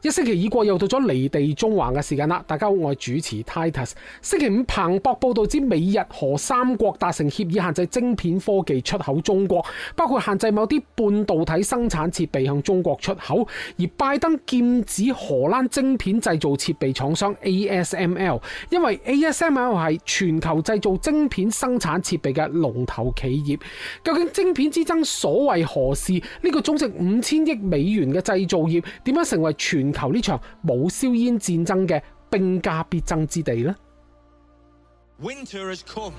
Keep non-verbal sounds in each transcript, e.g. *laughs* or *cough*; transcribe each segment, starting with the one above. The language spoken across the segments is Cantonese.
一星期已過，又到咗離地中環嘅時間啦！大家好，我係主持 Titus。星期五彭博報道之美日荷三國達成協議，限制晶片科技出口中國，包括限制某啲半導體生產設備向中國出口。而拜登劍指荷蘭晶片製造設備廠商 ASML，因為 ASML 係全球製造晶片生產設備嘅龍頭企業。究竟晶片之爭所謂何事？呢個總值五千億美元嘅製造業點樣成為全？全球呢場冇硝煙戰爭嘅兵家必爭之地咧。Winter has come.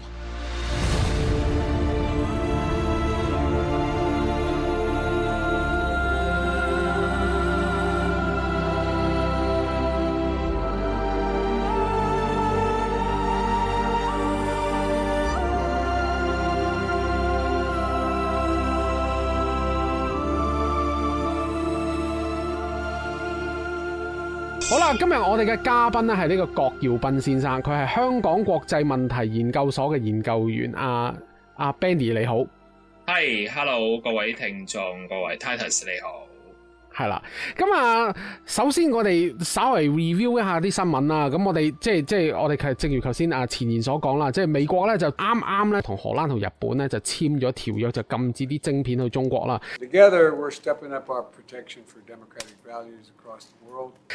今日我哋嘅嘉賓咧係呢個郭耀斌先生，佢係香港國際問題研究所嘅研究員。阿、啊、阿、啊、Benny 你好，係 Hello 各位聽眾，各位 Titus 你好。係啦，咁啊、嗯，首先我哋稍微 review 一下啲新聞啦。咁、嗯、我哋即係即係我哋頭，正如頭先啊前言所講啦，即係美國咧就啱啱咧同荷蘭同日本咧就簽咗條約，就禁止啲晶片去中國啦。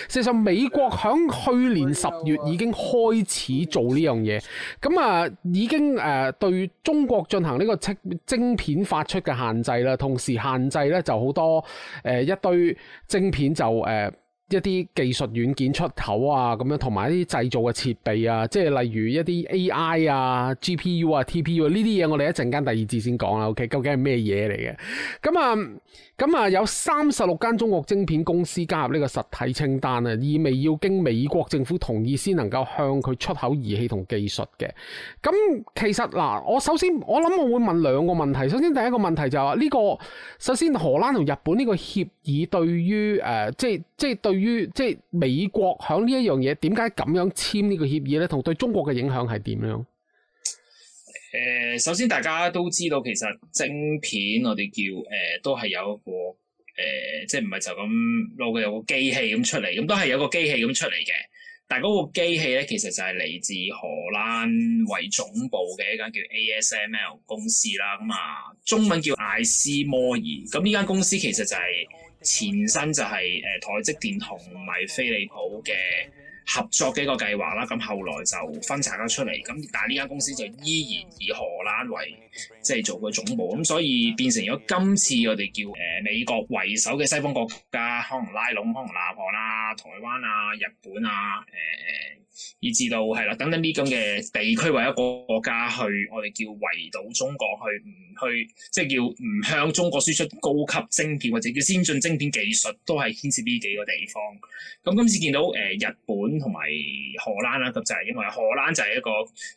其實美國響去年十月已經開始做呢樣嘢，咁、嗯、啊、嗯、已經誒、呃、對中國進行呢個晶片發出嘅限制啦，同時限制咧就好多誒、呃、一堆。晶片就誒、呃、一啲技術軟件出口啊咁樣，同埋一啲製造嘅設備啊，即係例如一啲 AI 啊、GPU 啊、TPU 啊呢啲嘢，我哋一陣間第二節先講啦。OK，究竟係咩嘢嚟嘅？咁啊。嗯咁啊、嗯，有三十六間中國晶片公司加入呢個實體清單啊，意味要經美國政府同意先能夠向佢出口儀器同技術嘅。咁、嗯、其實嗱、嗯，我首先我諗我會問兩個問題。首先第一個問題就係話呢個，首先荷蘭同日本呢個協議對於誒、呃，即係即係對於即係美國響呢一樣嘢，點解咁樣簽呢個協議呢？同對中國嘅影響係點樣？誒、呃，首先大家都知道，其實晶片我哋叫誒、呃，都係有一個誒、呃，即係唔係就咁攞個有個機器咁出嚟，咁都係有個機器咁出嚟嘅。但係嗰個機器咧，其實就係嚟自荷蘭為總部嘅一間叫 ASML 公司啦，咁、嗯、啊，中文叫艾斯摩爾。咁呢間公司其實就係前身就係、是、誒、呃、台積電同埋飛利浦嘅。合作嘅一個計劃啦，咁後來就分拆咗出嚟。咁但係呢間公司就依然以荷蘭為即係、就是、做個總部咁，所以變成咗今次我哋叫誒、呃、美國為首嘅西方國家，可能拉攏，可能拿破啦，台灣啊、日本啊、誒、呃。以至到係啦，等等呢啲咁嘅地區或一個國家去，我哋叫圍堵中國去，去唔去即係叫唔向中國輸出高級晶片或者叫先進晶片技術，都係牽涉呢幾個地方。咁今次見到誒、呃、日本同埋荷蘭啦，咁就係因為荷蘭就係一個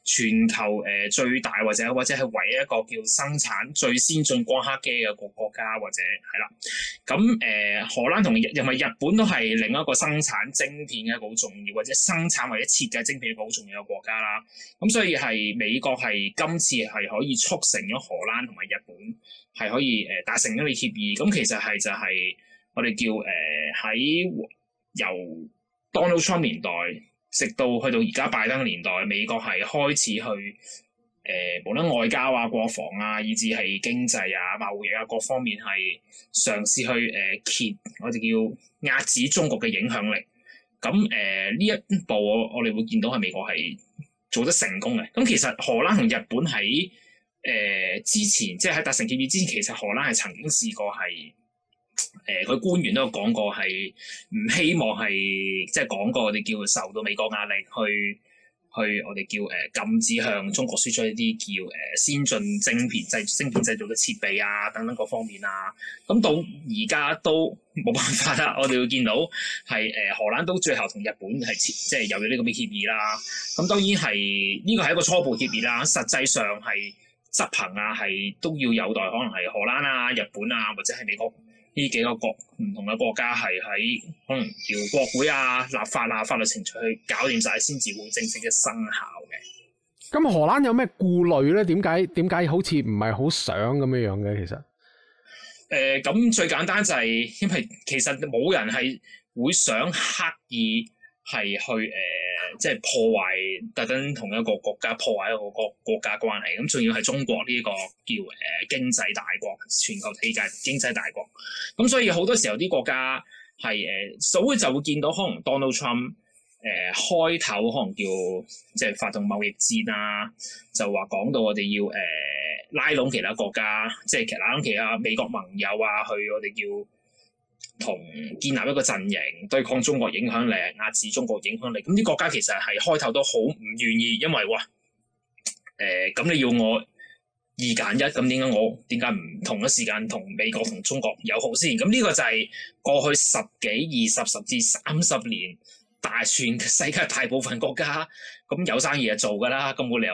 全球誒最大或者或者係唯一一個叫生產最先進光刻機嘅個國家，或者係啦。咁誒、呃、荷蘭同埋日本都係另一個生產晶片嘅一個好重要或者生產或者。設計精品好重要嘅國家啦，咁所以係美國係今次係可以促成咗荷蘭同埋日本係可以誒達成咗一個協議，咁其實係就係我哋叫誒喺、呃、由 Donald Trump 年代直到去到而家拜登年代，美國係開始去誒、呃，無論外交啊、國防啊，以至係經濟啊、貿易啊各方面係嘗試去誒、呃、揭我哋叫壓止中國嘅影響力。咁誒呢一步我我哋會見到係美國係做得成功嘅。咁其實荷蘭同日本喺誒、呃、之前，即係喺達成協議之前，其實荷蘭係曾經試過係誒佢官員都有講過係唔希望係即係講過，我哋叫受到美國壓力去。去我哋叫誒禁止向中國輸出一啲叫誒先進晶片製晶片製造嘅設備啊，等等各方面啊，咁到而家都冇辦法啦。我哋會見到係誒荷蘭都最後同日本係即係有咗呢個協議啦。咁當然係呢個係一個初步協議啦，實際上係執行啊，係都要有待可能係荷蘭啊、日本啊或者係美國。呢幾個國唔同嘅國家係喺可能調國會啊、立法啊、法律程序去搞掂晒先至會正式嘅生效嘅。咁荷蘭有咩顧慮咧？點解點解好似唔係好想咁樣樣嘅？其實，誒咁、呃、最簡單就係、是、因為其實冇人係會想刻意係去誒。呃即係破壞特登同一個國家破壞一個國國家關係，咁、嗯、仲要係中國呢一個叫誒、呃、經濟大國，全球世界經濟大國，咁、嗯、所以好多時候啲國家係誒、呃，所會就會見到可能 Donald Trump 誒、呃、開頭可能叫即係發動貿易戰啊，就話講到我哋要誒、呃、拉攏其他國家，即係拉攏其他美國盟友啊，去我哋叫。同建立一個陣營對抗中國影響力，壓制中國影響力。咁啲國家其實係開頭都好唔願意，因為哇誒咁你要我二揀一咁，點解我點解唔同一時間同美國同中國友好先？咁呢個就係過去十幾、二十、十至三十年，大全世界大部分國家咁有生意就做噶啦，咁冇理，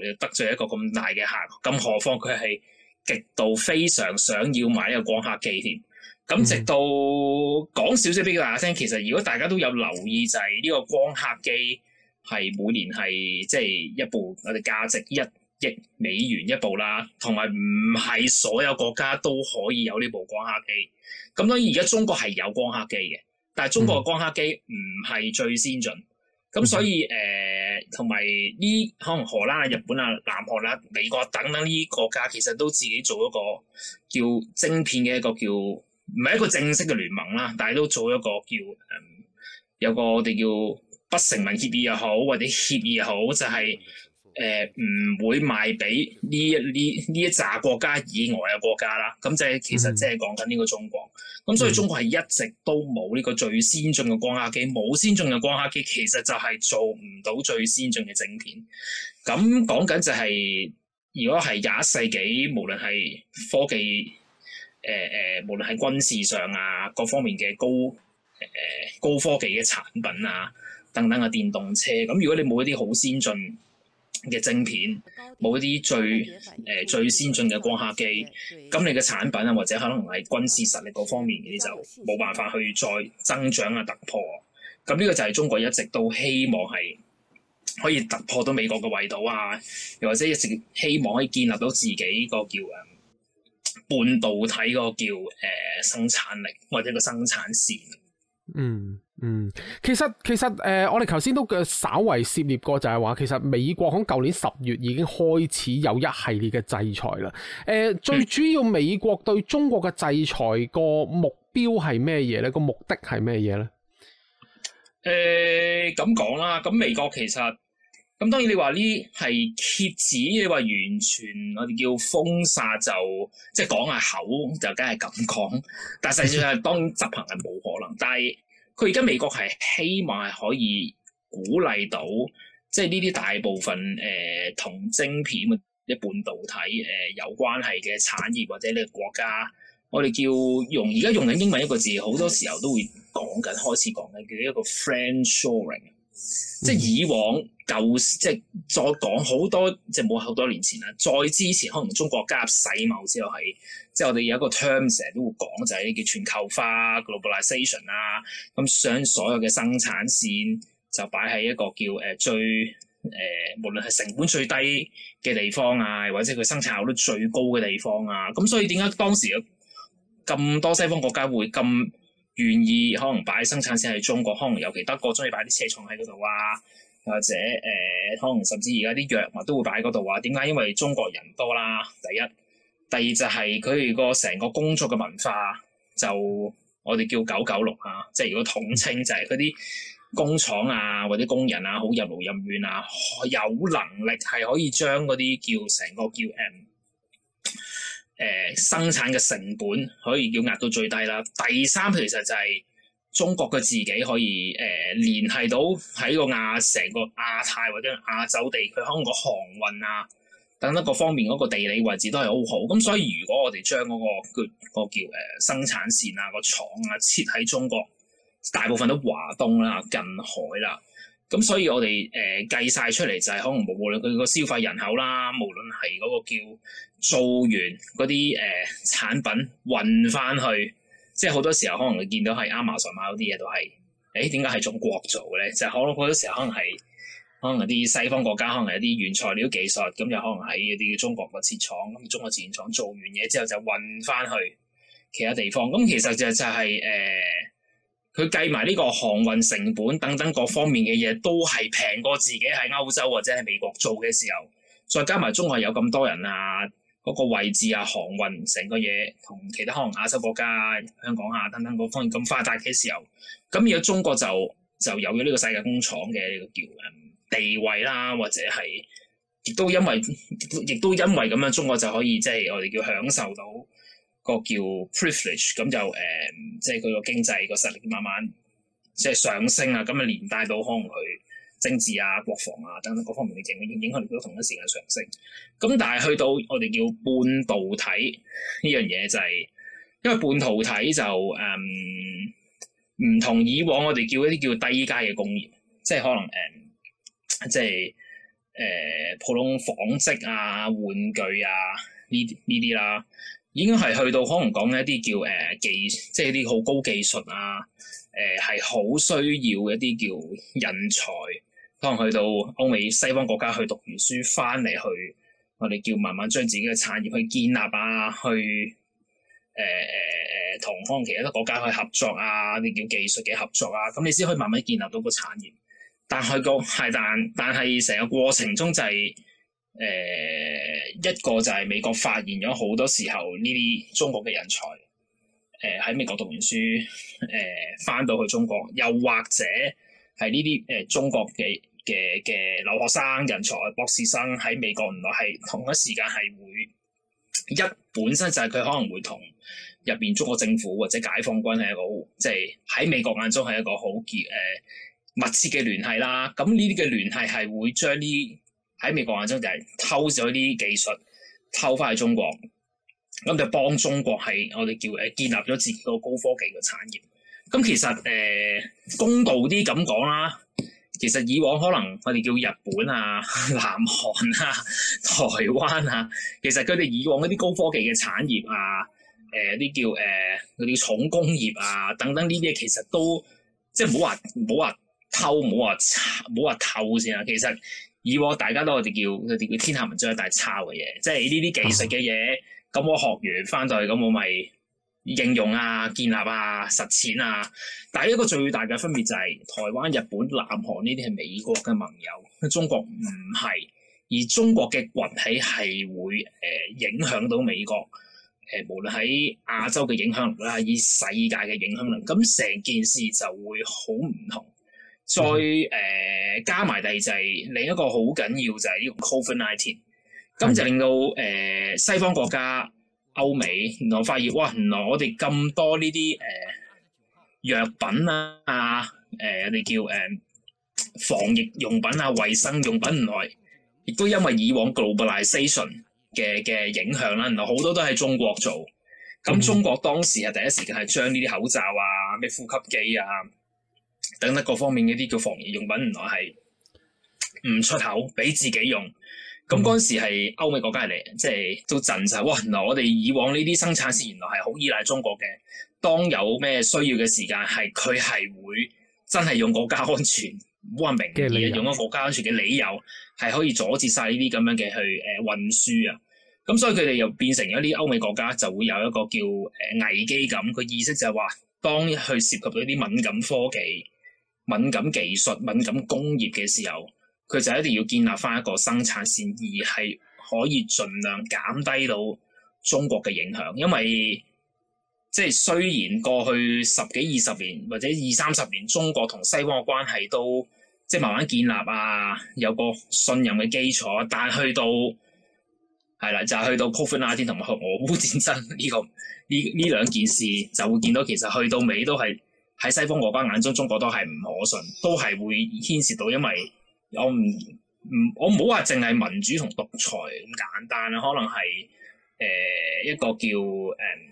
理由得罪一個咁大嘅客，更何況佢係極度非常想要買一個廣客機添。咁直到講少少畀大家聽，其實如果大家都有留意，就係、是、呢個光刻機係每年係即係一部我哋價值一億美元一部啦。同埋唔係所有國家都可以有呢部光刻機。咁當然而家中國係有光刻機嘅，但係中國嘅光刻機唔係最先進。咁、嗯、所以誒，同埋呢可能荷蘭啊、日本啊、南韓啦、美國等等呢啲國家，其實都自己做一個叫晶片嘅一個叫。唔係一個正式嘅聯盟啦，但係都做一個叫、呃、有個我哋叫不成文協議又好，或者協議又好，就係誒唔會賣俾呢一呢呢一揸國家以外嘅國家啦。咁即係其實即係講緊呢個中國。咁所以中國係一直都冇呢個最先進嘅光刻機，冇先進嘅光刻機，其實就係做唔到最先進嘅晶片。咁講緊就係、是、如果係廿一世紀，無論係科技。誒誒、呃，無論係軍事上啊，各方面嘅高誒、呃、高科技嘅產品啊，等等嘅電動車，咁如果你冇一啲好先進嘅晶片，冇一啲最誒、呃、最先進嘅光刻機，咁你嘅產品啊，或者可能係軍事實力嗰方面嘅，你就冇辦法去再增長啊突破。咁呢個就係中國一直都希望係可以突破到美國嘅圍堵啊，又或者一直希望可以建立到自己個叫嘅。半導體個叫誒、呃、生產力或者個生產線，嗯嗯，其實其實誒、呃，我哋頭先都稍為涉獵過就，就係話其實美國響舊年十月已經開始有一系列嘅制裁啦。誒、呃，最主要美國對中國嘅制裁個目標係咩嘢呢？個目的係咩嘢呢？誒、呃，咁講啦，咁美國其實。咁當然你話呢啲係遏止，你話完全我哋叫封殺就即係講下口就梗係咁講，但係實際上當然執行係冇可能。但係佢而家美國係希望係可以鼓勵到即係呢啲大部分誒、呃、同晶片嘅啲半導體誒、呃、有關係嘅產業或者呢個國家，我哋叫用而家用緊英文一個字，好多時候都會講緊開始講緊叫一個 friend-shoring。即係以往舊，即係再講好多，即係冇好多年前啦。再之前可能中國加入世貿之後，係即係我哋有一個 term 成日都會講，就係、是、叫全球化 （globalization） 啊。咁、嗯、將所有嘅生產線就擺喺一個叫誒、呃、最誒、呃，無論係成本最低嘅地方啊，或者佢生產效率最高嘅地方啊。咁、嗯、所以點解當時咁多西方國家會咁？願意可能擺生產線喺中國，可能尤其德國中意擺啲車廠喺嗰度啊，或者誒可能甚至而家啲藥物都會擺喺嗰度啊。點解？因為中國人多啦，第一，第二就係佢哋個成個工作嘅文化就我哋叫九九六啊。即係如果統稱就係嗰啲工廠啊或者工人啊好任勞任怨啊，有能力係可以將嗰啲叫成個叫。誒生產嘅成本可以叫壓到最低啦。第三，其實就係中國嘅自己可以誒聯、呃、繫到喺個亞成個亞太或者亞洲地區，可能個航運啊等等各方面嗰個地理位置都係好好。咁所以如果我哋將嗰個叫誒、嗰個、生產線啊、嗰個廠啊設喺中國，大部分都華東啦、啊、近海啦、啊。咁所以我哋誒、呃、計晒出嚟就係可能無論佢個消費人口啦，無論係嗰個叫。做完嗰啲誒產品運翻去，即係好多時候可能你見到係 Amazon 買嗰啲嘢都係，誒點解係中國做嘅咧？就可能好多時候可能係，可能啲西方國家可能係啲原材料技術，咁又可能喺一啲中國個設廠，咁中國製造廠做完嘢之後就運翻去其他地方。咁其實就就係誒，佢、呃、計埋呢個航運成本等等各方面嘅嘢，都係平過自己喺歐洲或者喺美國做嘅時候。再加埋中國有咁多人啊！嗰個位置啊，航運成個嘢同其他可能亞洲國家、啊、香港啊等等嗰方面咁發達嘅時候，咁如果中國就就有咗呢個世界工廠嘅呢個叫地位啦，或者係亦都因為亦都因為咁樣，中國就可以即係、就是、我哋叫享受到個叫 privilege，咁就誒即係佢個經濟個實力慢慢即係、就是、上升啊，咁啊連帶到可能佢，政治啊、國防啊等等各方面嘅影響力都同一時間上升，咁但係去到我哋叫半導體呢樣嘢，這個、就係、是、因為半導體就誒唔、嗯、同以往我哋叫一啲叫低階嘅工業，即係可能誒、嗯、即係誒、呃、普通紡織啊、玩具啊呢呢啲啦，已經係去到可能講一啲叫誒、呃、技，即係一啲好高技術啊，誒係好需要一啲叫人才。當去到歐美西方國家去讀完書，翻嚟去，我哋叫慢慢將自己嘅產業去建立啊，去誒誒誒同方其他國家去合作啊，呢啲叫技術嘅合作啊，咁你先可以慢慢建立到個產業。但係個係但，但係成個過程中就係、是、誒、呃、一個就係美國發現咗好多時候呢啲中國嘅人才，誒、呃、喺美國讀完書，誒、呃、翻到去中國，又或者係呢啲誒中國嘅。嘅嘅留學生人才博士生喺美國，原來係同一時間係會一本身就係佢可能會同入邊中國政府或者解放軍係一個即係喺美國眼中係一個好結誒、呃、密切嘅聯繫啦。咁呢啲嘅聯繫係會將啲喺美國眼中就係偷咗啲技術偷翻去中國，咁、嗯、就幫中國係我哋叫誒建立咗自己個高科技嘅產業。咁、嗯、其實誒、呃、公道啲咁講啦。其實以往可能我哋叫日本啊、南韓啊、台灣啊，其實佢哋以往嗰啲高科技嘅產業啊，誒、呃、啲叫誒啲、呃、重工業啊，等等呢啲嘢，其實都即係冇話冇話偷冇話抄冇話偷先啊。其實以往大家都我哋叫嗰啲叫天下文章一大抄嘅嘢，即係呢啲技術嘅嘢，咁我學完翻到去，咁我咪。應用啊、建立啊、實踐啊，但係一個最大嘅分別就係台灣、日本、南韓呢啲係美國嘅盟友，中國唔係，而中國嘅崛起係會誒、呃、影響到美國，誒、呃、無論喺亞洲嘅影響力啦，以世界嘅影響力，咁成件事就會好唔同。再誒、呃、加埋第二就係、是、另一個好緊要就係呢個 COVID-19，咁就令到誒、呃、西方國家。歐美，然後發現哇，原來我哋咁多呢啲誒藥品啊，誒我哋叫誒、呃、防疫用品啊、衞生用品，唔來亦都因為以往 globalization 嘅嘅影響啦，然後好多都喺中國做。咁中國當時係第一時間係將呢啲口罩啊、咩呼吸機啊等等各方面嗰啲叫防疫用品，原來係唔出口俾自己用。咁嗰陣時係歐美國家嚟，即係都震晒。哇！原來我哋以往呢啲生產線原來係好依賴中國嘅。當有咩需要嘅時間，係佢係會真係用國家安全冇人明嘅理由，用一個國家安全嘅理由係可以阻止晒呢啲咁樣嘅去誒運輸啊。咁所以佢哋又變成咗啲歐美國家就會有一個叫誒危機感。佢意識就係話，當去涉及到啲敏感科技、敏感技術、敏感工業嘅時候。佢就一定要建立返一個生產線，而係可以盡量減低到中國嘅影響。因為即係雖然過去十幾二十年或者二三十年，中國同西方嘅關係都即係慢慢建立啊，有個信任嘅基礎。但去到係啦，就係去到 COVID-19 同埋俄烏戰爭呢個呢呢兩件事，就會見到其實去到尾都係喺西方國家眼中，中國都係唔可信，都係會牽涉到，因為我唔唔，我唔好話淨係民主同獨裁咁簡單啦，可能係誒、呃、一個叫誒、嗯、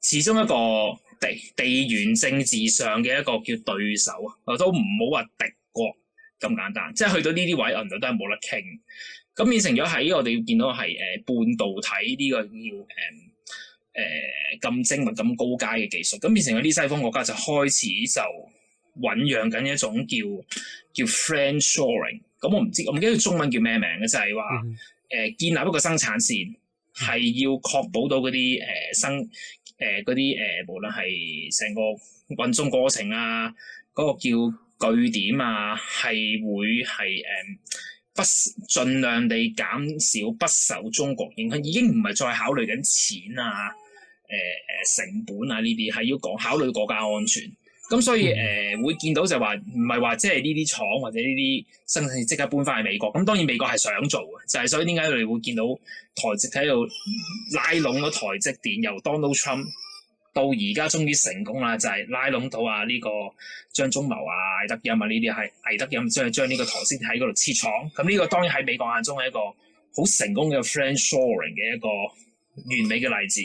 始終一個地地緣政治上嘅一個叫對手啊，我都唔好話敵國咁簡單，即係去到呢啲位，我哋都係冇得傾，咁變成咗喺我哋要見到係誒、呃、半導體呢、這個要誒誒咁精密咁高階嘅技術，咁變成咗啲西方國家就開始就醞釀緊一種叫叫 friendshoring，咁我唔知，我唔記得中文叫咩名嘅，就係話誒建立一個生產線，係要確保到嗰啲誒生誒嗰啲誒無論係成個運送過程啊，嗰、嗰個叫據點啊，係會係誒、嗯、不盡量地減少不受中國影響，已經唔係再考慮緊錢啊誒誒、呃、成本啊呢啲，係要講考慮國家安全。咁、嗯、所以誒、呃、會見到就係話唔係話即係呢啲廠或者呢啲生產線即刻搬翻去美國。咁當然美國係想做嘅，就係、是、所以點解佢哋會見到台積喺度拉攏咗台積電，由 Donald Trump 到而家終於成功啦，就係、是、拉攏到啊呢個張忠謀啊、劉德音啊呢啲係劉德音將將呢個台積電喺嗰度設廠。咁呢個當然喺美國眼中係一個好成功嘅 friendshoring 嘅一個完美嘅例子。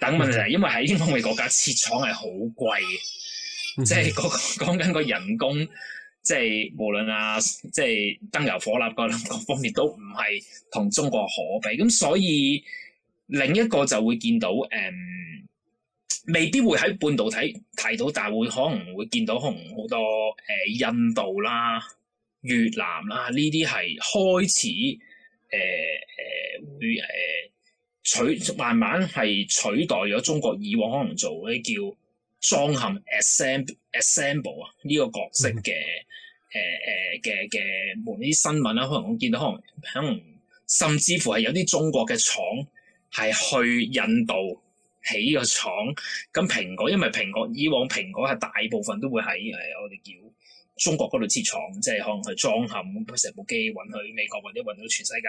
等問題係因為喺英美國家設廠係好貴嘅。即係嗰個講緊個人工，即係無論啊，即係燈油火蠟嗰啲各方面都唔係同中國可比，咁、嗯、所以另一個就會見到誒、嗯，未必會喺半導體睇到，但係會可能會見到可能好多誒、呃、印度啦、越南啦呢啲係開始誒誒、呃呃、會誒、呃、取慢慢係取代咗中國以往可能做嗰啲叫裝含 assemble assemble 啊呢個角色嘅誒誒嘅嘅門啲新聞啦，可能我見到可能可能甚至乎係有啲中國嘅廠係去印度起個廠。咁，蘋果因為蘋果以往蘋果係大部分都會喺誒我哋叫中國嗰度設廠，即係可能係裝含成部機運去美國或者運到全世界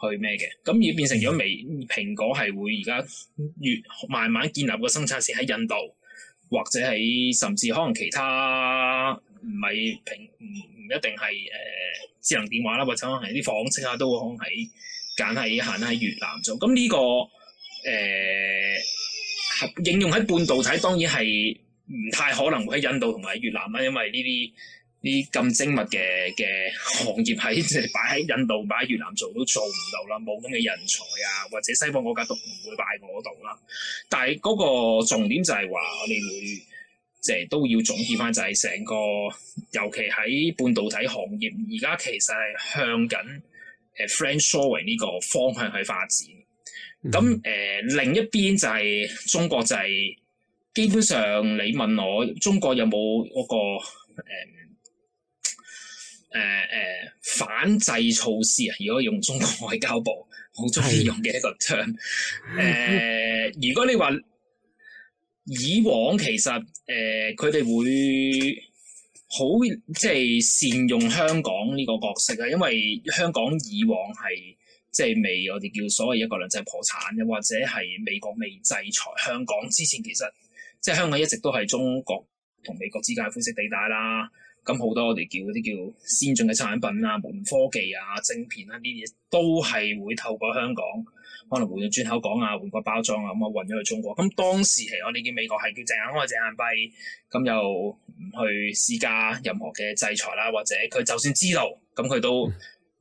去咩嘅。咁而變成咗，美蘋果係會而家越慢慢建立個生產線喺印度。或者喺甚至可能其他唔係平唔唔一定係誒、呃、智能電話啦，或者可能係啲仿製啊，都會可能喺揀係行喺越南做。咁、嗯、呢、呢個誒、呃、應用喺半導體當然係唔太可能會喺印度同埋越南啦，因為呢啲。啲咁精密嘅嘅行業喺即係擺喺印度擺喺越南做都做唔到啦，冇咁嘅人才啊，或者西方國家都唔會擺我度啦。但係嗰個重點就係話，我哋會即係都要總結翻，就係成個尤其喺半導體行業，而家其實係向緊誒 friend sourcing 呢個方向去發展。咁誒、嗯呃、另一邊就係、是、中國就係、是、基本上你問我中國有冇嗰、嗰個誒？呃誒誒、呃、反制措施啊，如果用中國外交部好中意用嘅一個 term，誒、呃、如果你話以往其實誒佢哋會好即係善用香港呢個角色啊，因為香港以往係即係未我哋叫所謂一個兩制破產嘅，或者係美國未制裁香港之前，其實即係、就是、香港一直都係中國同美國之間嘅灰色地帶啦。咁好多我哋叫嗰啲叫先進嘅產品啊、無論科技啊、晶片啊呢啲嘢都係會透過香港，可能換咗轉口港啊、換個包裝啊，咁啊運咗去中國。咁當時其實我哋叫美國係叫隻眼開隻眼閉，咁又唔去施加任何嘅制裁啦、啊，或者佢就算知道，咁佢都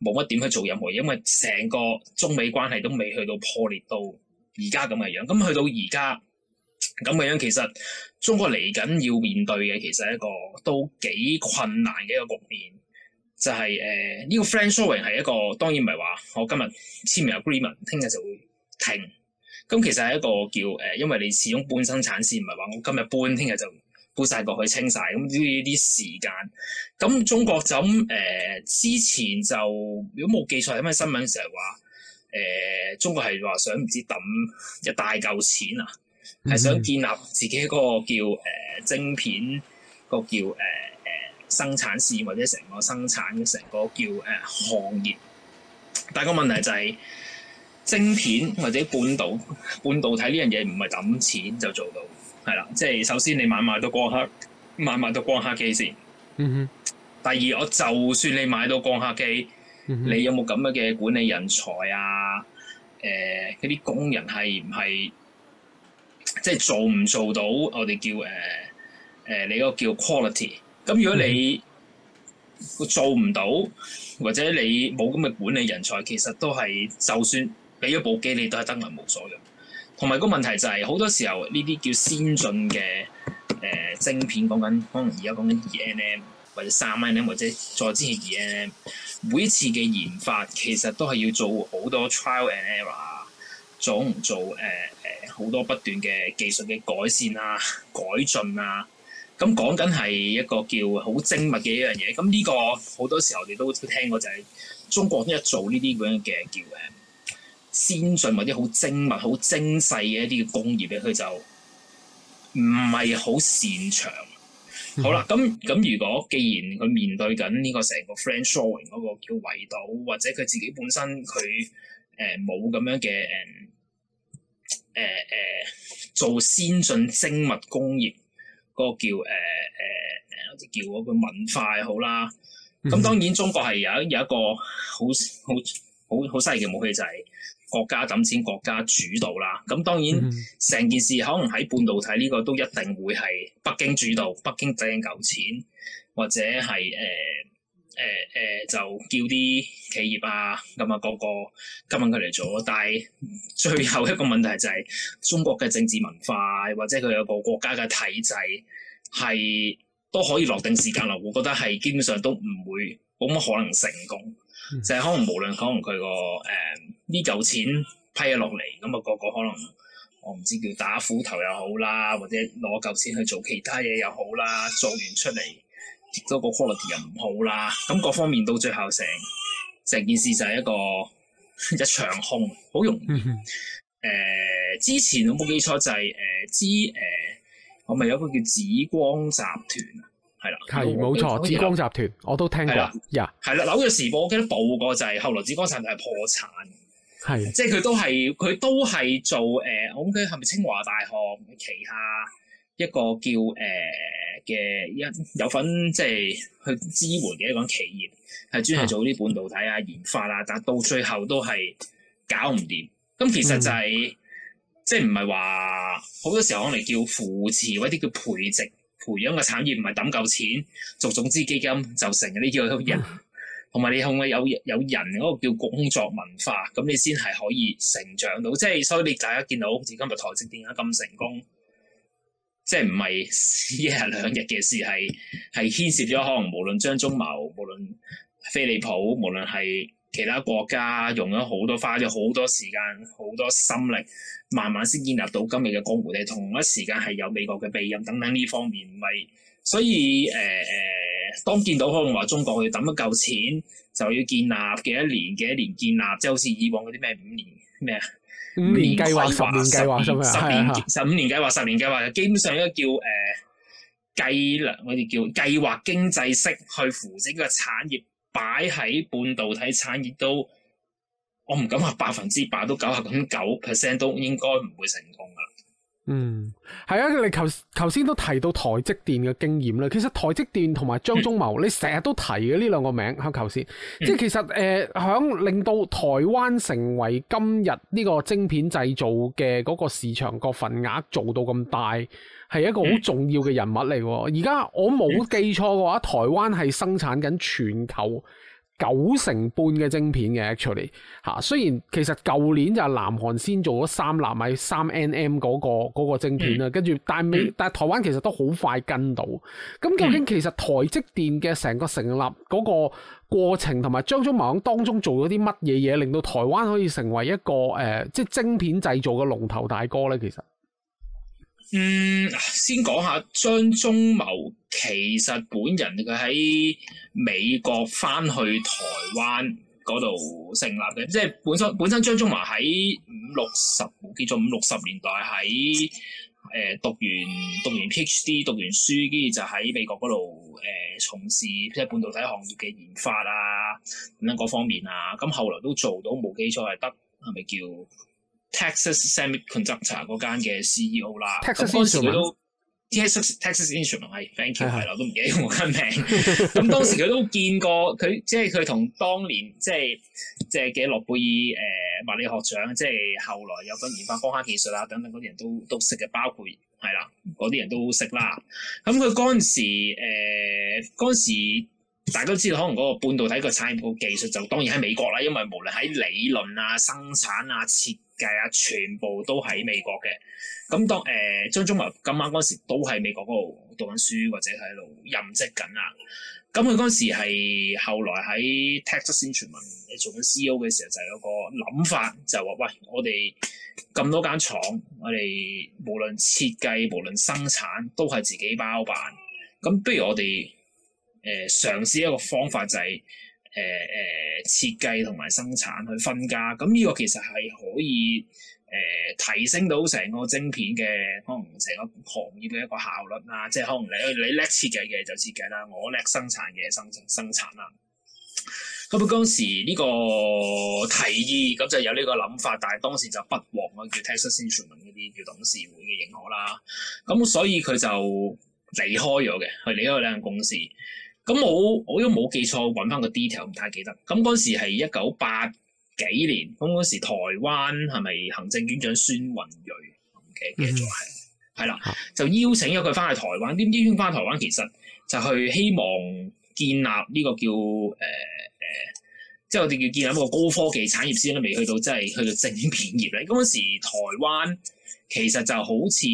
冇乜點去做任何嘢，因為成個中美關係都未去到破裂到而家咁嘅樣，樣。咁去到而家咁嘅樣，其實。中國嚟緊要面對嘅其實係一個都幾困難嘅一個局面，就係誒呢個 friend showing 係一個當然唔係話我今日簽完 agreement，聽日就會停。咁、嗯、其實係一個叫誒、呃，因為你始終搬生產線，唔係話我今日搬，聽日就搬晒過去清晒。咁呢啲時間。咁、嗯、中國就咁、呃、之前就如果冇記錯，因為新聞成日話誒中國係話想唔知抌一大嚿錢啊！係想建立自己一個叫誒、呃、晶片個叫誒誒、呃、生產線或者成個生產嘅成個叫誒、呃、行業，但係個問題就係、是、晶片或者半導、半導體呢樣嘢唔係抌錢就做到，係啦，即係首先你買埋到光刻買埋到光刻機先，嗯哼，第二我就算你買到光刻機，嗯、哼，你有冇咁樣嘅管理人才啊？誒、呃，嗰啲工人係唔係？即係做唔做到，我哋叫誒誒、呃呃、你嗰個叫 quality。咁如果你做唔到，或者你冇咁嘅管理人才，其實都係就算俾咗部機，你都係得物無所用。同埋個問題就係、是、好多時候呢啲叫先進嘅誒晶片，講緊可能而家講緊 2nm 或者 3nm 或者再之前 2nm，每一次嘅研發其實都係要做好多 trial and error，做唔做誒？呃好多不斷嘅技術嘅改善啊、改進啊，咁講緊係一個叫好精密嘅一樣嘢。咁呢個好多時候，你都聽過就係中國一做呢啲咁樣嘅叫先進或者好精密、好精細嘅一啲嘅工業咧，佢就唔係好擅長。嗯、好啦，咁咁如果既然佢面對緊呢個成個 friendshoring 嗰個叫圍堵，或者佢自己本身佢誒冇咁樣嘅誒。呃誒誒、呃，做先進精密工業嗰、那個叫誒誒誒，我、呃、哋、呃、叫嗰個文化好啦。咁當然中國係有有一個好好好好犀利嘅武器，就係國家揼錢，國家主導啦。咁當然成件事可能喺半導體呢、這個都一定會係北京主導，北京掟嚿錢或者係誒。呃誒誒、呃呃、就叫啲企業啊，咁啊個個吸引佢嚟做，但係最後一個問題就係、是、中國嘅政治文化，或者佢有個國家嘅體制，係都可以落定時間啦。我覺得係基本上都唔會冇乜可能成功，嗯、就係可能無論可能佢個誒呢嚿錢批咗落嚟，咁啊個個可能我唔知叫打斧頭又好啦，或者攞嚿錢去做其他嘢又好啦，做完出嚟。咁嗰個 quality 又唔好啦，咁各方面到最後成成件事就係一個 *laughs* 一場空，好容易。誒、嗯欸，之前我冇記錯就係、是、誒，之、啊、誒、啊，我咪有一個叫紫光集團，係啦。係冇錯，紫光集團我都聽過。係啦，係啦，紐約 Yeah. 時報我記得報過就係後來紫光集團係破產。係的，即係佢都係佢都係做誒、呃，我唔記得係咪清華大學旗下一個叫誒。嘅一有份即係去支援嘅一個企業，係專係做啲半導體啊、研發啊，但係到最後都係搞唔掂。咁其實就係、是嗯、即係唔係話好多時候可能叫扶持或者叫培植、培養嘅產業，唔係揼夠錢做總資基金就成。嗯、你要有人，同埋你控嘅有有人嗰個叫工作文化，咁你先係可以成長到。即係所以你大家見到好似今日台積電咁成功。即係唔係一日兩日嘅事，係係牽涉咗可能無論張忠謀，無論飛利浦，無論係其他國家，用咗好多花咗好多時間、好多心力，慢慢先建立到今日嘅江湖。你同一時間係有美國嘅庇蔭等等呢方面，唔係所以誒誒、呃，當見到可能話中國要抌一嚿錢就要建立幾多年、幾多年建立，即係好似以往嗰啲咩五年咩啊？五年計劃、十年計劃，十年、十五年計劃、十年計劃，基本上一個叫誒、呃、計量，我哋叫計劃經濟式去扶植個產業，擺喺半導體產業都，我唔敢話百分之百，都九十九 percent 都應該唔會成。嗯，係啊，你頭頭先都提到台積電嘅經驗啦。其實台積電同埋張忠謀，嗯、你成日都提嘅呢兩個名，響頭先，即係其實誒，響、呃、令到台灣成為今日呢個晶片製造嘅嗰個市場個份額做到咁大，係一個好重要嘅人物嚟。而家我冇記錯嘅話，台灣係生產緊全球，九成半嘅晶片嘅 actually 吓，雖然其實舊年就係南韓先做咗三納米三 nm 嗰個嗰個晶片啦，跟住但係未，但係台灣其實都好快跟到。咁究竟其實台積電嘅成個成立嗰個過程，同埋張忠謀當中做咗啲乜嘢嘢，令到台灣可以成為一個誒、呃，即係晶片製造嘅龍頭大哥呢？其實。嗯，先講下張忠謀，謀其實本人佢喺美國翻去台灣嗰度成立嘅，即係本身本身張忠謀喺五六十，冇記錯五六十年代喺誒、呃、讀完讀完 PhD 讀完書，跟住就喺美國嗰度誒從事即係半導體行業嘅研發等等啊，咁嗰方面啊，咁後來都做到冇記錯係得，係咪叫？Texas Semiconductor c 嗰間嘅 CEO 啦，咁 Texas 當時佢都 *noise* yes, Texas Texas Instruments 係，thank you 係啦 Yes.、yes，都唔記得我間名。咁當時佢都見過佢，即係佢同當年即係即係嘅諾貝爾誒物理學獎，即係後來有份研發光刻技術啦，等等嗰啲人都都識嘅，包括係啦，嗰啲人都識啦。咁佢嗰陣時誒嗰時，呃、時大家都知道可能嗰個半導體個產業技術就當然喺美國啦，因為無論喺理論啊、生產啊、設啊！全部都喺美國嘅。咁當誒、呃、張忠謀今晚嗰時都喺美國嗰度讀緊書，或者喺度任職緊啊。咁佢嗰時係後來喺 Texas Instruments，做緊 CEO 嘅時候就係有一個諗法，就話、是：喂，我哋咁多間廠，我哋無論設計、無論生產都係自己包辦。咁不如我哋誒、呃、嘗試一個方法、就是，就係。誒誒、呃、設計同埋生產去分家，咁呢個其實係可以誒、呃、提升到成個晶片嘅可能成個行業嘅一個效率啦，即係可能你你叻設計嘅就設計啦，我叻生產嘅生生產啦。咁佢過當時呢個提議咁就有呢個諗法，但係當時就不獲啊叫 Texas Instruments 嗰啲叫董事會嘅認可啦。咁所以佢就離開咗嘅，佢離開呢間公司。咁我我都冇記錯，揾翻個 detail 唔太記得。咁嗰時係一九八幾年，咁嗰時台灣係咪行政院長孫運璿？嘅嘅做係係啦，就邀請咗佢翻去台灣。點知翻台灣其實就去希望建立呢個叫誒誒、呃，即係我哋叫建立一個高科技產業先啦，未去到即係去到晶片業咧。咁嗰時台灣其實就好似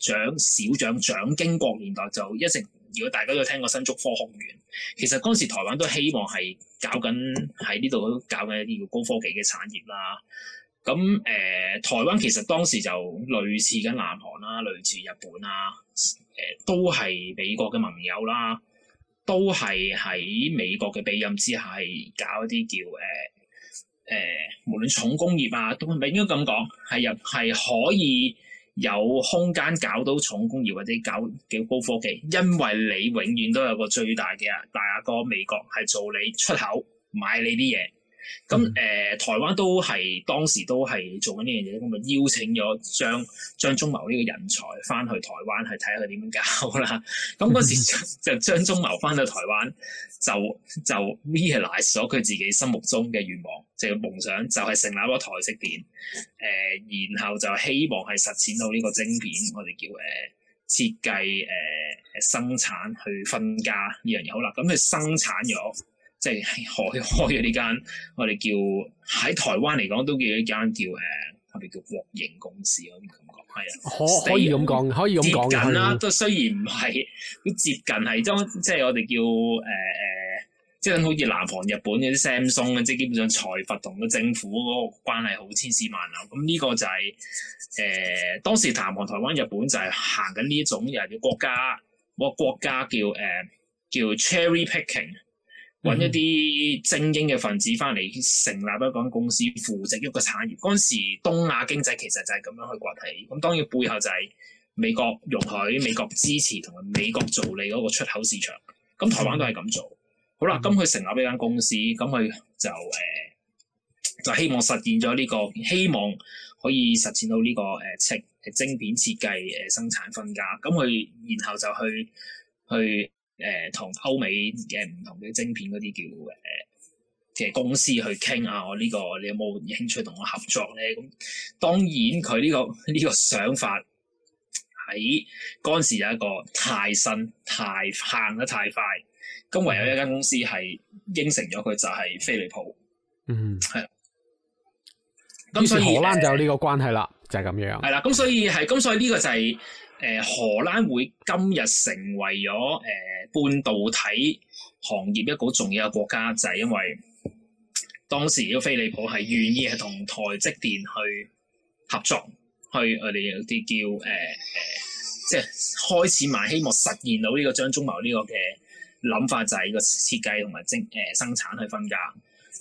誒蔣小蔣蔣經國年代就一直。如果大家都聽過新竹科學園，其實嗰時台灣都希望係搞緊喺呢度搞緊一啲叫高科技嘅產業啦。咁誒、呃，台灣其實當時就類似緊南韓啦，類似日本啦，誒、呃、都係美國嘅盟友啦，都係喺美國嘅庇蔭之下係搞一啲叫誒誒、呃，無論重工業啊，都係咪應該咁講係入係可以。有空間搞到重工業或者搞搞高科技，因為你永遠都有個最大嘅大阿哥美國係做你出口買你啲嘢。咁誒、呃，台灣都係當時都係做緊呢樣嘢，咁就邀請咗張張忠謀呢個人才翻去台灣去睇下佢點樣搞啦。咁嗰時就，就張忠謀翻到台灣，就就 realise 咗佢自己心目中嘅願望，即、就、係、是、夢想，就係、是、成立嗰台積電。誒、呃，然後就希望係實踐到呢個晶片，我哋叫誒、呃、設計誒、呃、生產去分家呢樣嘢好啦。咁佢生產咗。即係海開嘅呢間，我哋叫喺台灣嚟講都叫一間叫誒，特、呃、別叫國營公司咯。咁講係啊可，可以咁講，可以咁講佢啦。都雖然唔係啲接近係將、嗯嗯、即係我哋叫誒誒、呃，即係好似南韓、就是呃、日本嗰啲 Samsung 啊，即係基本上財閥同個政府嗰個關係好千絲萬縷。咁呢個就係誒當時南韓台灣日本就係行緊呢種，又叫國家個國家叫誒、呃、叫 cherry picking。搵一啲精英嘅分子翻嚟成立一間公司，扶植一個產業。嗰陣時，東亞經濟其實就係咁樣去崛起。咁當然背後就係美國容許、美國支持同埋美國做你嗰個出口市場。咁台灣都係咁做。好啦，咁佢、嗯、成立呢間公司，咁佢就誒、呃、就希望實現咗呢、這個，希望可以實踐到呢、這個誒晶誒晶片設計誒、呃、生產分家。咁佢然後就去去。誒同、呃、歐美嘅唔同嘅晶片嗰啲叫誒嘅、呃、公司去傾啊！我呢、這個你有冇興趣同我合作咧？咁當然佢呢、這個呢、這個想法喺嗰陣時有一個太新、太行得太快，咁唯有一間公司係應承咗佢，就係飛利浦。嗯，係、啊。咁所以荷蘭就有呢個關係啦，就係、是、咁樣。嗯、係啦，咁所以係，咁所以呢個就係、是。誒、呃、荷蘭會今日成為咗誒、呃、半導體行業一個好重要嘅國家，就係、是、因為當時嗰個飛利浦係願意係同台積電去合作，去我哋有啲叫誒誒、呃，即係開始埋希望實現到呢個張忠謀呢個嘅諗法，就係、是、個設計同埋精誒生產去分家。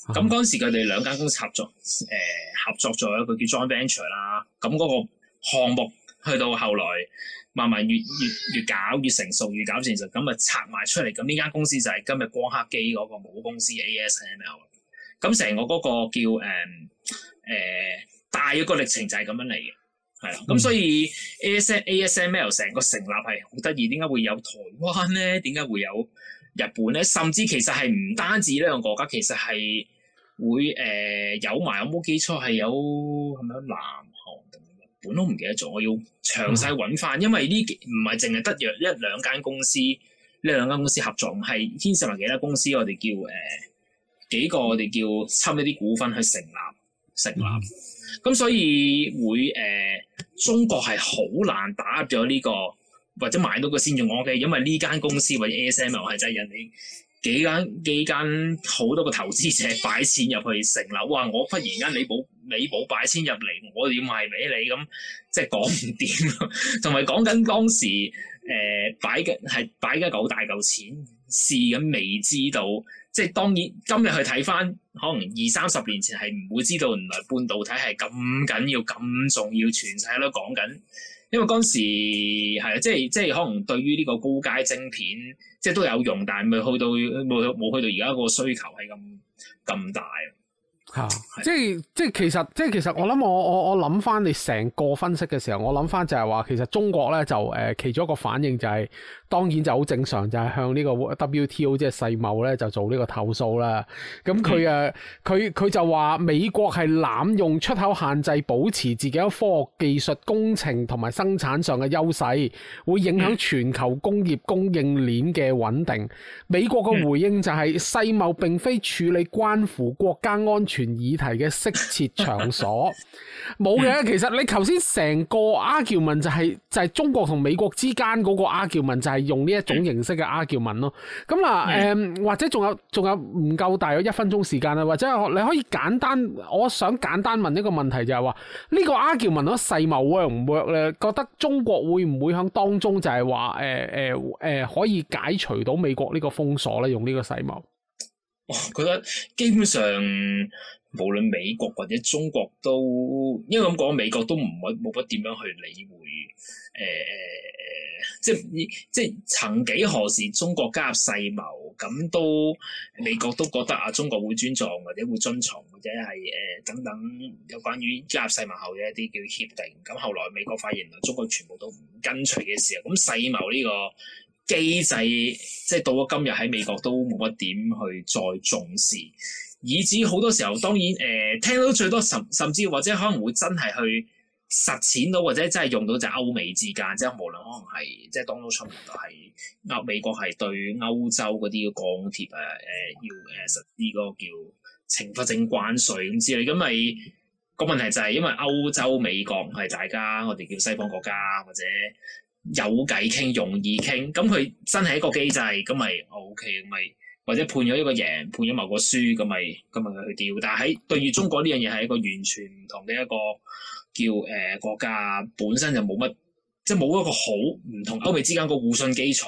咁嗰陣時佢哋兩間公司合作，誒、呃、合作咗一個叫 Joint Venture 啦。咁嗰個項目。去到後來，慢慢越越越，越搞越成熟，越搞成熟，咁啊拆埋出嚟，咁呢間公司就係今日光刻機嗰個母公司 ASML。咁成個嗰個叫誒誒、嗯呃、大嘅個歷程就係咁樣嚟嘅，係啦。咁、嗯、所以 ASASML 成個成立係好得意，點解會有台灣咧？點解會有日本咧？甚至其實係唔單止呢個國家，其實係會誒、呃、有埋有冇基礎係有係咪南？本都唔記得咗，我要詳細揾翻，因為呢唔係淨係得約一兩間公司，呢兩間公司合作，係牽涉埋幾間公司，我哋叫誒、呃、幾個我，我哋叫摻呢啲股份去成立成立，咁、嗯嗯、所以會誒、呃、中國係好難打入咗呢、呢個或者買到個先用我嘅。因為呢間公司或者 ASML 係真係人哋。幾間幾間好多個投資者擺錢入去成樓啊！我忽然間你冇你冇擺錢入嚟，我要賣俾你咁，即係講唔掂。同埋講緊當時誒擺緊係擺緊九大嚿錢試咁，未知道即係當然今日去睇翻，可能二三十年前係唔會知道原來半導體係咁緊要咁重要，全世都講緊。因為嗰時係啊，即係即係可能對於呢個高階晶片，即係都有用，但係未去到冇冇去到而家個需求係咁咁大吓、啊，即係即係其實即係其實我諗我我我諗翻你成個分析嘅時候，我諗翻就係話，其實中國咧就誒、呃、其中一個反應就係、是。當然就好正常，就係、是、向呢個 WTO 即係世貿呢就做呢個投訴啦。咁佢誒佢佢就話美國係濫用出口限制，保持自己嘅科學技術、工程同埋生產上嘅優勢，會影響全球工業供應鏈嘅穩定。美國嘅回應就係、是、世貿並非處理關乎國家安全議題嘅適切場所。冇嘅， *laughs* 其實你頭先成個 argument 就係、是、就係、是、中國同美國之間嗰個 argument 就係、是。用呢一種形式嘅阿叫文咯，咁嗱誒，或者仲有仲有唔夠大約一分鐘時間啊，或者你可以簡單，我想簡單問一個問題就，就係話呢個阿叫文到矽盾 work 咧，覺得中國會唔會響當中就係話誒誒誒可以解除到美國呢個封鎖咧？用呢個矽盾，我覺得基本上無論美國或者中國都，因為咁講，美國都唔會冇乜點樣去理會誒、呃即係，即係，曾幾何時中國加入世貿，咁都美國都覺得啊，中國會尊重或者會遵從或者係誒、呃、等等有關於加入世貿後嘅一啲叫協定。咁後來美國發現啊，中國全部都唔跟隨嘅時候，咁世貿呢個機制，即係到咗今日喺美國都冇乜點去再重視，以至好多時候當然誒、呃、聽到最多甚甚至或者可能會真係去。實踐到或者真係用到就歐美之間，即係無論可能係即係當初出面，就係、是、歐美國係對歐洲嗰啲鋼鐵啊，誒要誒實施嗰個叫懲罰性關稅咁之類。咁咪個問題就係因為歐洲美國係大家我哋叫西方國家，或者有偈傾，容易傾咁，佢真係一個機制咁咪 O K 咪或者判咗一個贏，判咗某個輸咁咪咁咪去調。但係對住中國呢樣嘢係一個完全唔同嘅一個。叫誒、呃、國家本身就冇乜，即係冇一個好唔同歐美之間個互信基礎，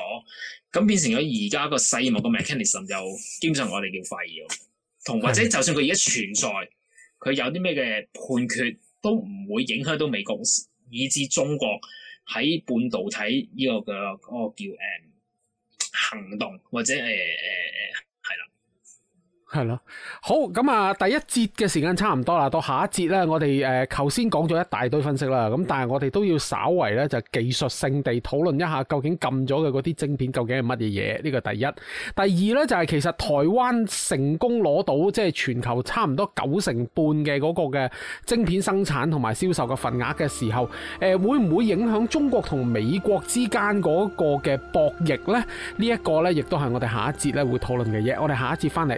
咁變成咗而家個世貿個 mechanism 就基本上我哋叫廢咗，同或者就算佢而家存在，佢有啲咩嘅判決都唔會影響到美國以至中國喺半導體呢、這個嘅嗰、那個叫誒、嗯、行動或者誒誒。呃呃係咯，好咁啊、嗯！第一節嘅時間差唔多啦，到下一節呢，我哋誒頭先講咗一大堆分析啦，咁但係我哋都要稍為呢，就技術性地討論一下，究竟禁咗嘅嗰啲晶片究竟係乜嘢嘢？呢個第一，第二呢，就係、是、其實台灣成功攞到即係、就是、全球差唔多九成半嘅嗰個嘅晶片生產同埋銷售嘅份額嘅時候，誒、呃、會唔會影響中國同美國之間嗰個嘅博弈呢？呢、這、一個呢，亦都係我哋下一節咧會討論嘅嘢。我哋下一節翻嚟。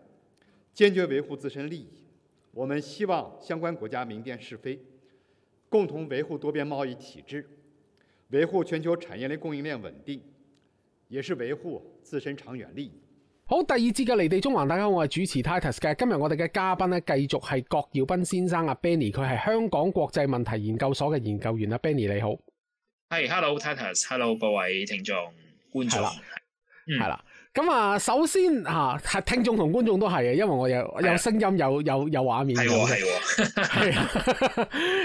堅決維護自身利益，我們希望相關國家明辨是非，共同維護多邊貿易體制，維護全球產業的供應鏈穩定，也是維護自身長遠利益。好，第二節嘅離地中環，大家好，我係主持 Titus 嘅。今日我哋嘅嘉賓咧，繼續係郭耀斌先生啊，Benny，n 佢係香港國際問題研究所嘅研究員啊，Benny n 你好。係、Hey，，Hello Titus，Hello 各位聽眾觀眾，了嗯，係啦。咁啊，首先吓係、啊、聽眾同觀眾都係啊，因為我有有聲音，有有有畫面。係喎的，係係啊！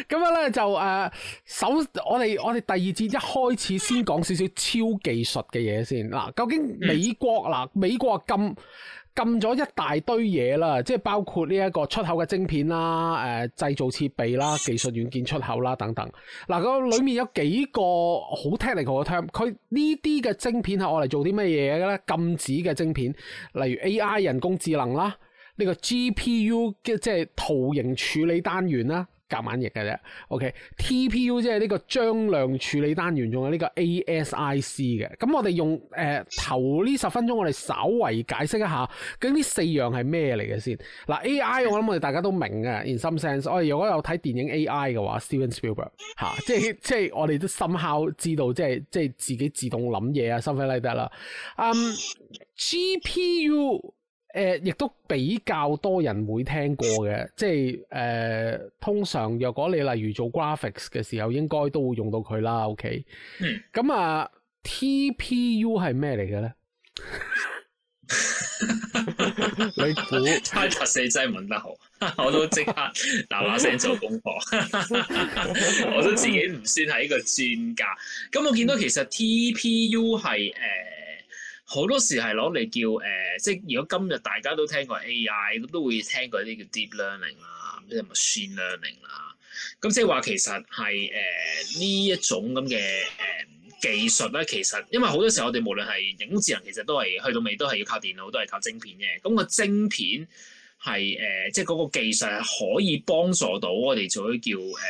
咁樣咧就誒，首我哋我哋第二節一開始先講少少超技術嘅嘢先。嗱、啊，究竟美國嗱、嗯啊，美國咁。禁咗一大堆嘢啦，即係包括呢一個出口嘅晶片啦、誒、呃、製造設備啦、技術軟件出口啦等等。嗱、啊，個裏面有幾個好 technical 嘅 term，佢呢啲嘅晶片係用嚟做啲咩嘢嘅咧？禁止嘅晶片，例如 AI 人工智能啦，呢、這個 GPU 即係圖形處理單元啦。夾硬譯嘅啫，OK，TPU、okay. 即係呢個張量處理單元，用嘅呢個 ASIC 嘅。咁、呃、我哋用誒頭呢十分鐘，我哋稍微解釋一下，究竟呢四樣係咩嚟嘅先。嗱、啊、AI 我諗我哋大家都明嘅，in some sense。我哋如果有睇電影 AI 嘅話，Steven Spielberg 吓、啊，即係即係我哋都深刻知道，即係即係自己自動諗嘢啊，something like that 啦。嗯、like um，GPU。誒、呃，亦都比較多人會聽過嘅，即係誒、呃，通常若果你例如做 graphics 嘅時候，應該都會用到佢啦。OK，咁、嗯、啊，TPU 係咩嚟嘅咧？ *laughs* *laughs* 你估猜 Titus *laughs* 四真係問得好，我都即刻嗱嗱聲做功課。 *laughs* *laughs* 我都自己唔算係一個專家。咁我見到其實 TPU 係誒。呃好多時係攞嚟叫誒、呃，即係如果今日大家都聽過 A.I.，都會聽過啲叫 deep learning 啦、啊，machine learning 啦。咁即係話其實係誒呢一種咁嘅誒技術咧。其實因為好多時候我哋無論係人工智能，其實都係去到尾都係要靠電腦，都係靠晶片嘅。咁、那個晶片係誒、呃，即係嗰個技術係可以幫助到我哋做啲叫誒。呃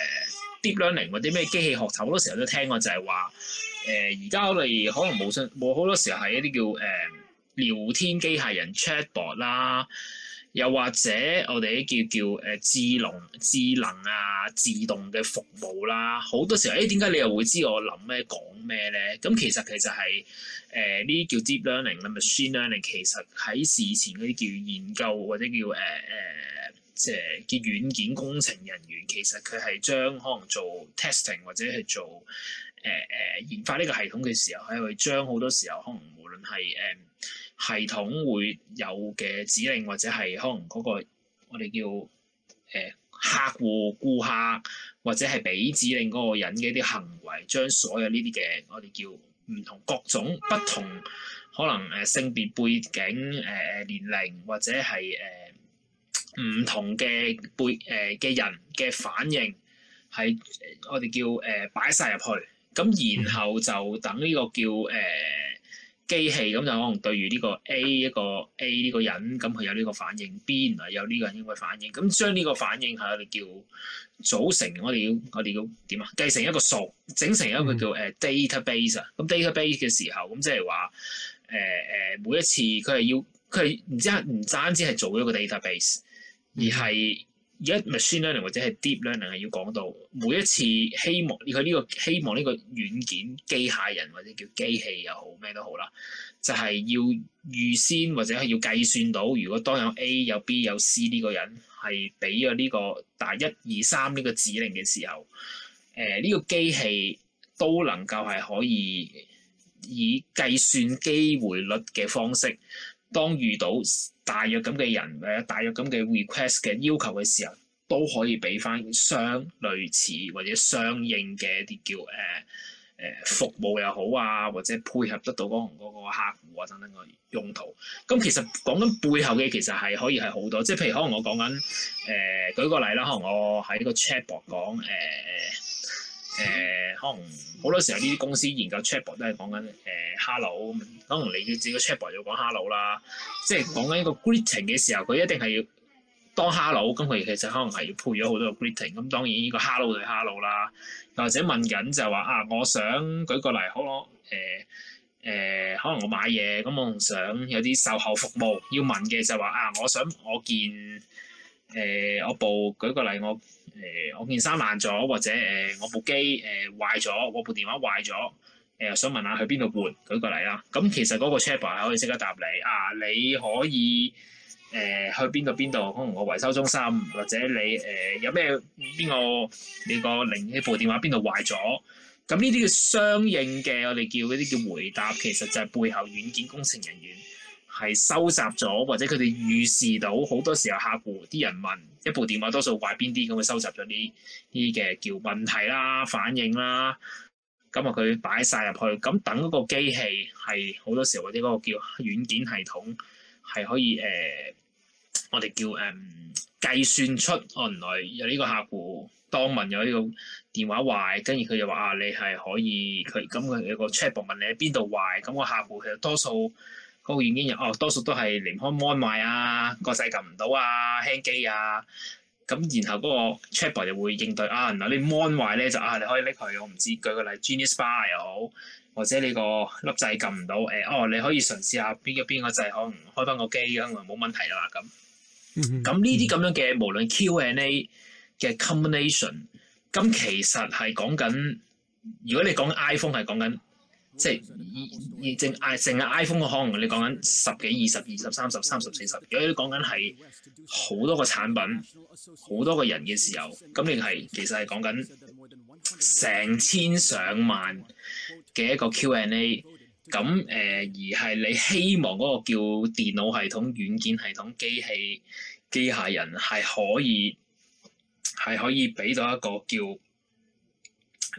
deep learning，或啲咩機器學習，好多時候都聽過就，就係話誒，而家我哋可能冇信，冇好多時候係一啲叫誒、呃、聊天機械人 chatbot 啦，又或者我哋叫叫誒、呃、智能智能啊自動嘅服務啦，好多時候誒點解你又會知我諗咩講咩咧？咁其實其實係誒呢啲叫 deep learning 咁 machine learning，其實喺事前嗰啲叫研究或者叫誒誒。呃呃即係嘅軟件工程人員，其實佢係將可能做 testing 或者係做誒誒、呃、研發呢個系統嘅時候，係會將好多時候可能無論係誒、呃、系統會有嘅指令，或者係可能嗰個我哋叫誒客戶顧客或者係俾指令嗰個人嘅一啲行為，將所有呢啲嘅我哋叫唔同各種不同可能誒性別背景誒誒、呃、年齡或者係誒。呃唔同嘅背誒嘅、呃、人嘅反應係我哋叫誒擺晒入去，咁然後就等呢個叫誒、呃、機器咁就可能對於呢個 A 一個 A 呢個人咁佢有呢個反應 B，唔係有呢個人應該反應咁將呢個反應係我哋叫組成我哋要我哋要點啊？繼承一個數整成一個叫誒 database 啊。咁 database 嘅時候咁即係話誒誒每一次佢係要佢係唔知唔單止係做一個 database。而係而家 machine learning 或者係 deep learning 係要講到每一次希望佢呢、這個希望呢個軟件機械人或者叫機器又好咩都好啦，就係、是、要預先或者係要計算到，如果當有 A 有 B 有 C 呢個人係俾咗呢個大一二三呢個指令嘅時候，誒、呃、呢、這個機器都能夠係可以以計算機會率嘅方式。當遇到大約咁嘅人或者大約咁嘅 request 嘅要求嘅時候，都可以俾翻相類似或者相應嘅一啲叫誒誒、呃、服務又好啊，或者配合得到嗰個客戶啊等等嘅用途。咁其實講緊背後嘅其實係可以係好多，即係譬如可能我講緊誒舉個例啦，可、呃、能、呃、我喺呢個 chatbox 講誒。呃誒、呃、可能好多時候呢啲公司研究 chatbot 都係講緊誒 hello，可能你自己個 chatbot 要講 hello 啦，即係講緊一個 greeting 嘅時候，佢一定係要當 hello，咁佢其實可能係要配咗好多個 greeting，咁當然呢個 hello 對 hello 啦，或者問緊就係、是、話啊，我想舉個例，好誒誒，可能我買嘢咁、嗯，我唔想有啲售後服務要問嘅就係、是、話啊，我想我見誒、呃、我部舉個例我。誒、呃，我件衫爛咗，或者誒、呃，我部機誒、呃、壞咗，我部電話壞咗，誒、呃、想問下去邊度換？舉個例啦，咁其實嗰個 chatbot 可以即刻答你啊。你可以誒、呃、去邊度邊度？可能我維修中心，或者你誒、呃、有咩邊個你個零呢部電話邊度壞咗？咁呢啲嘅相應嘅，我哋叫嗰啲叫回答，其實就係背後軟件工程人員。係收集咗，或者佢哋預示到好多時候，客戶啲人問一部電話多數壞邊啲，咁佢收集咗啲啲嘅叫問題啦、反應啦。咁啊，佢擺晒入去，咁等嗰個機器係好多時候啲嗰個叫軟件系統係可以誒、呃，我哋叫誒計、嗯、算出原來有呢個客戶當問有呢種電話壞，跟住佢就話、啊、你係可以佢咁佢有個 check 問你喺邊度壞，咁個客戶其實多數。嗰個軟件哦，多數都係連唔開 mon 壞啊，個掣撳唔到啊，輕機啊，咁然後嗰個 trouble 就會應對啊，嗱你 mon 壞咧就啊你可以拎佢。我唔知舉個例，Genius Bar 又好，或者你個粒掣撳唔到誒，哦你可以嘗試下邊個邊個掣可能開翻個機，咁就冇問題啦咁。咁呢啲咁樣嘅無論 Q and A 嘅 combination，咁其實係講緊，如果你講 iPhone 係講緊。即係而而淨係淨係 iPhone 嘅可能，你講緊十幾二十、二十三十、三十四十，如果你講緊係好多個產品、好多個人嘅時候，咁你係其實係講緊成千上萬嘅一個 Q&A。咁誒、呃、而係你希望個叫電腦系統軟件系統機器機械人係可以係可以俾到一個叫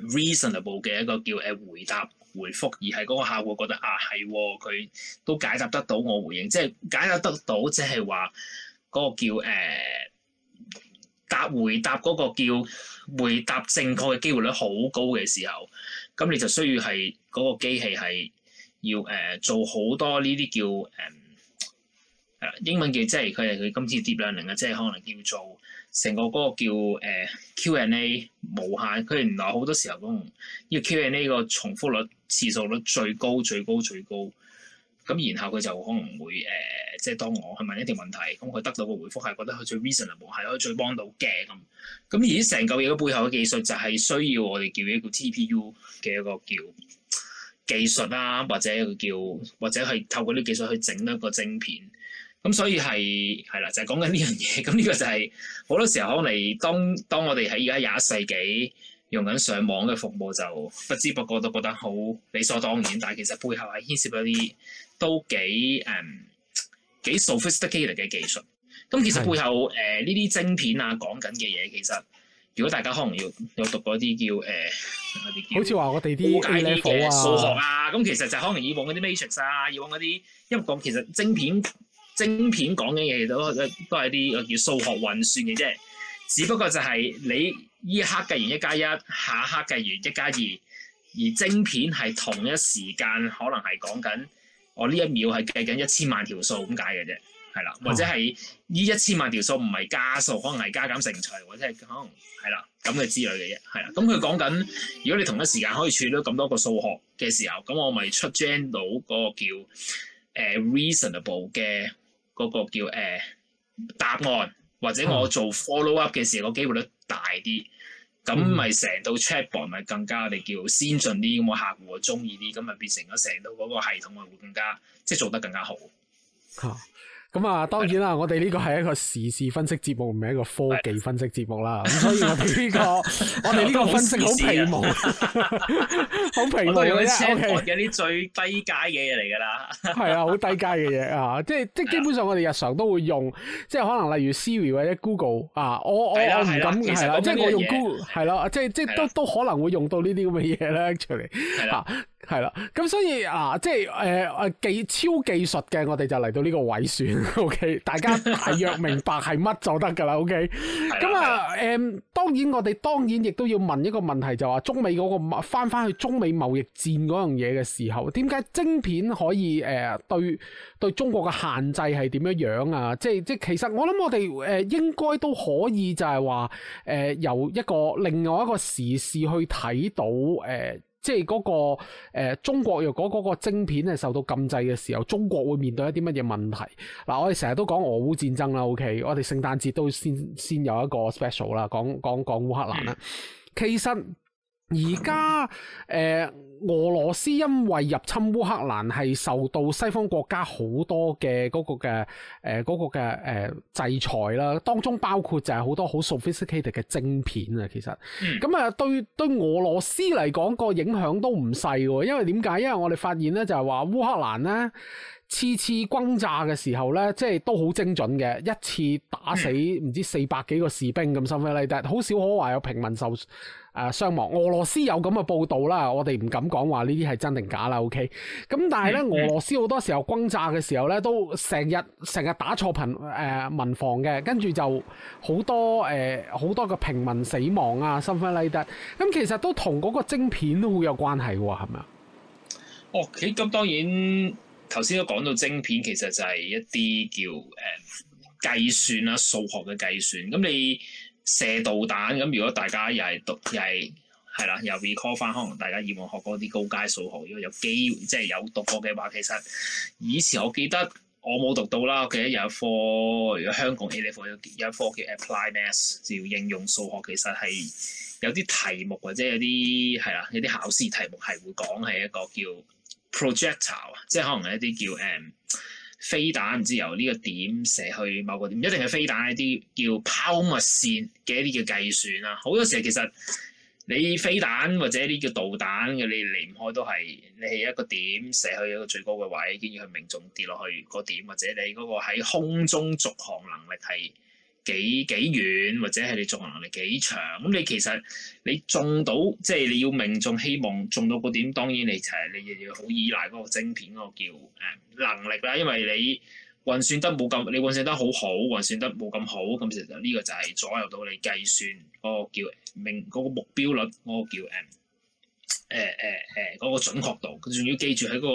reasonable 嘅一個叫誒回答。回覆而係個客戶覺得啊係，佢都解答得到我回應，即係解答得到，即係話、嗰個叫誒答回答個叫回答正確嘅機會率好高嘅時候，咁你就需要係、嗰個機器係要誒、呃、做好多呢啲叫誒誒、呃、英文叫即係佢係佢今次 Deep Learning 啊，即係可能叫做成個個叫誒、呃、Q&A n 無限，佢原來好多時候講要 Q&A n 個重複率。次數率最高、最高、最高，咁然後佢就可能會誒、呃，即係當我去問一條問題，咁佢得到個回覆係覺得佢最 reasonable，係可以最幫到嘅咁。咁而家成嚿嘢嘅背後嘅技術就係需要我哋叫一個 TPU 嘅一個叫技術啊，或者佢叫或者係透過啲技術去整一個晶片。咁所以係係啦，就係講緊呢樣嘢。咁呢個就係好多時候可能當當我哋喺而家廿一世紀，用緊上網嘅服務就不知不覺都覺得好理所當然，但係其實背後係、啊、牽涉咗啲都幾誒、嗯、幾 sophisticated 嘅技術。咁其實背後誒呢啲晶片啊講緊嘅嘢，其實如果大家可能要要讀嗰啲叫誒，呃、叫好似話我哋啲高階啲數學啊，咁、啊啊嗯、其實就可能以往嗰啲 matrix 啊，以往嗰啲因為其實晶片晶片講嘅嘢都都都係啲叫數學運算嘅啫，只不過就係你。呢一刻計完一加一，1, 下一刻計完一加二，2, 而晶片係同一時間可能係講緊，我呢一秒係計緊一千萬條數咁解嘅啫，係啦，或者係呢一千萬條數唔係加數，可能係加減乘除，或者係可能係啦咁嘅之類嘅啫，係啦，咁佢講緊，如果你同一時間可以處理到咁多個數學嘅時候，咁我咪出 gen 到嗰個叫誒、uh, reasonable 嘅嗰個叫誒、uh, 答案。或者我做 follow up 嘅時候，個機會率大啲，咁咪成、嗯、套 checkboard 咪更加我哋叫先進啲咁，我客戶我中意啲，咁咪變成咗成套嗰個系統啊會更加即係、就是、做得更加好。嗯咁啊，當然啦，我哋呢個係一個時事分析節目，唔係一個科技分析節目啦。咁所以我哋呢個，我哋呢個分析好皮毛，好皮毛嘅 O K，有啲最低階嘅嘢嚟噶啦。係啊，好低階嘅嘢啊，即係即係基本上我哋日常都會用，即係可能例如 Siri 或者 Google 啊，我我我唔敢係啦，即係我用 Google 係咯，即係即係都都可能會用到呢啲咁嘅嘢咧出嚟。係啦，咁所以嗱、啊，即係誒誒技超技術嘅，我哋就嚟到呢個位算，OK，大家大約明白係乜 *laughs* 就得噶啦，OK 的。咁啊，誒、呃，的當然我哋當然亦都要問一個問題，就話、是、中美嗰、那個返返去中美貿易戰嗰樣嘢嘅時候，點解晶片可以誒、呃、對對中國嘅限制係點樣樣啊？即係即係其實我諗我哋誒、呃、應該都可以就係話誒由一個另外一個時事去睇到誒。呃呃即係嗰、嗰個、呃、中國若果嗰個晶片係受到禁制嘅時候，中國會面對一啲乜嘢問題？嗱、啊，我哋成日都講俄烏戰爭啦，OK？我哋聖誕節都先先有一個 special 啦，講講講烏克蘭啦，其實。而家誒，俄羅斯因為入侵烏克蘭係受到西方國家好多嘅個嘅誒、呃嗰個嘅誒、呃、制裁啦，當中包括就係好多好 sophisticated 嘅晶片啊。其實，咁啊、嗯、對對俄羅斯嚟講、個影響都唔細喎，因為點解？因為我哋發現咧就係話烏克蘭咧。次次轟炸嘅時候呢，即係都好精準嘅，一次打死唔、嗯、知四百幾個士兵咁 s o m e 好少可話有平民受誒、呃、傷亡。俄羅斯有咁嘅報道啦，我哋唔敢講話呢啲係真定假啦。OK，咁但係呢，嗯、俄羅斯好多時候轟炸嘅時候呢，都成日成日打錯民誒民房嘅，跟住就好多誒好、呃、多個平民死亡啊 s o m e b 咁其實都同嗰個晶片都好有關係喎，係咪啊？哦，咁當然。頭先都講到晶片，其實就係一啲叫誒、嗯、計算啦，數學嘅計算。咁你射導彈咁，如果大家又係讀又係係啦，又 recall 翻，可能大家以往學過啲高階數學，如果有機會即係有讀過嘅話，其實以前我記得我冇讀到啦。我記得有一科如果香港有一科有有一科叫 Apply Maths 就叫應用數學，其實係有啲題目或者有啲係啦，有啲考試題目係會講係一個叫 projectile 啊，projectile，即係可能係一啲叫誒、嗯、飛彈，唔知由呢個點射去某個點，唔一定係飛彈，一啲叫拋物線嘅一啲叫計算啊。好、嗯、多時候其實你飛彈或者啲叫導彈嘅，你離唔開都係你係一個點射去一個最高嘅位，跟住佢命中跌落去個點，或者你嗰個喺空中續航能力係。幾幾遠或者係你續航能力幾長咁、嗯？你其實你中到即係你要命中，希望中到嗰點，當然你就係、是、你要要好依賴嗰個晶片嗰、那個叫誒、嗯、能力啦。因為你運算得冇咁，你運算得好好，運算得冇咁好，咁其實呢個就係左右到你計算嗰個叫命嗰、那個目標率嗰、那個叫誒誒誒嗰個準確度。佢仲要記住喺、那個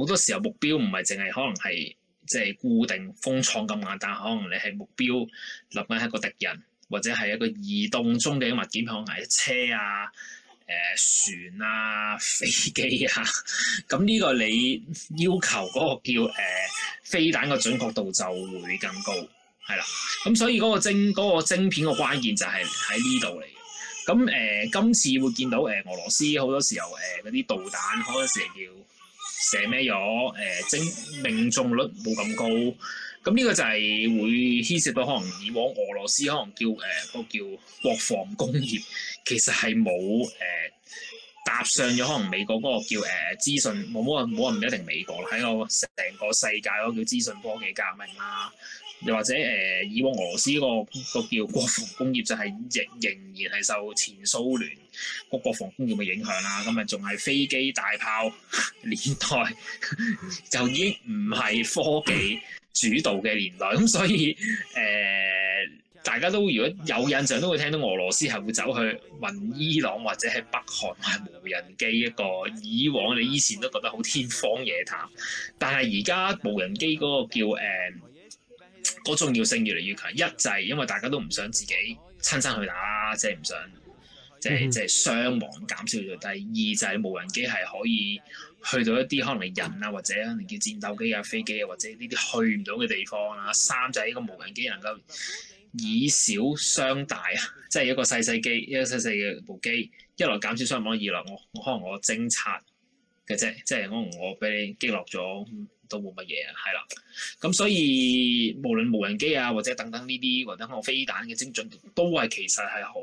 好多時候目標唔係淨係可能係。即係固定封廠咁簡單，但可能你係目標立緊一個敵人，或者係一個移動中嘅物件，可能係車啊、誒、呃、船啊、飛機啊，咁 *laughs* 呢個你要求嗰個叫誒、呃、飛彈嘅準確度就會更高，係啦。咁所以嗰個晶嗰、那個、晶片嘅關鍵就係喺呢度嚟嘅。咁誒、呃、今次會見到誒、呃、俄羅斯好多時候誒嗰啲導彈好多時叫。寫咩咗？誒精，呃、命中率冇咁高，咁呢，這個就係會牽涉到可能以往俄羅斯可能叫誒、呃，嗰個叫國防工業，其實係冇誒搭上咗可能美國嗰個叫誒、資訊，冇冇冇話，唔一定美國啦，喺個成個世界嗰個叫資訊科技革命啦，又或者誒、呃、以往俄羅斯呢，嗰個嗰個叫國防工業就係、是，仍仍然係受前蘇聯個國防工業嘅影響啦，咁啊仲係飛機大炮年代 *laughs* 就已經唔係科技主導嘅年代，咁所以誒、呃，大家都如果有印象都會聽到俄羅斯係會走去問伊朗或者係北韓買無人機一個，以往你以前都覺得好天方夜譚，但係而家無人機嗰個叫誒，嗰、呃、重要性越嚟越強，一就係因為大家都唔想自己親身去打，即係唔想。即係即係傷亡減少咗。第二就係、是、無人機係可以去到一啲可能係人啊，或者可能叫戰鬥機啊、飛機啊，或者呢啲去唔到嘅地方啦、啊。三就係、是、呢個無人機能夠以小傷大啊，即係一個細細機，一個細細嘅部機，一來減少傷亡，二來我，我可能我偵察嘅啫，即係可能我俾你擊落咗。都冇乜嘢啊，係啦，咁所以無論無人機啊，或者等等呢啲或者嗰個飛彈嘅精準度都係其實係好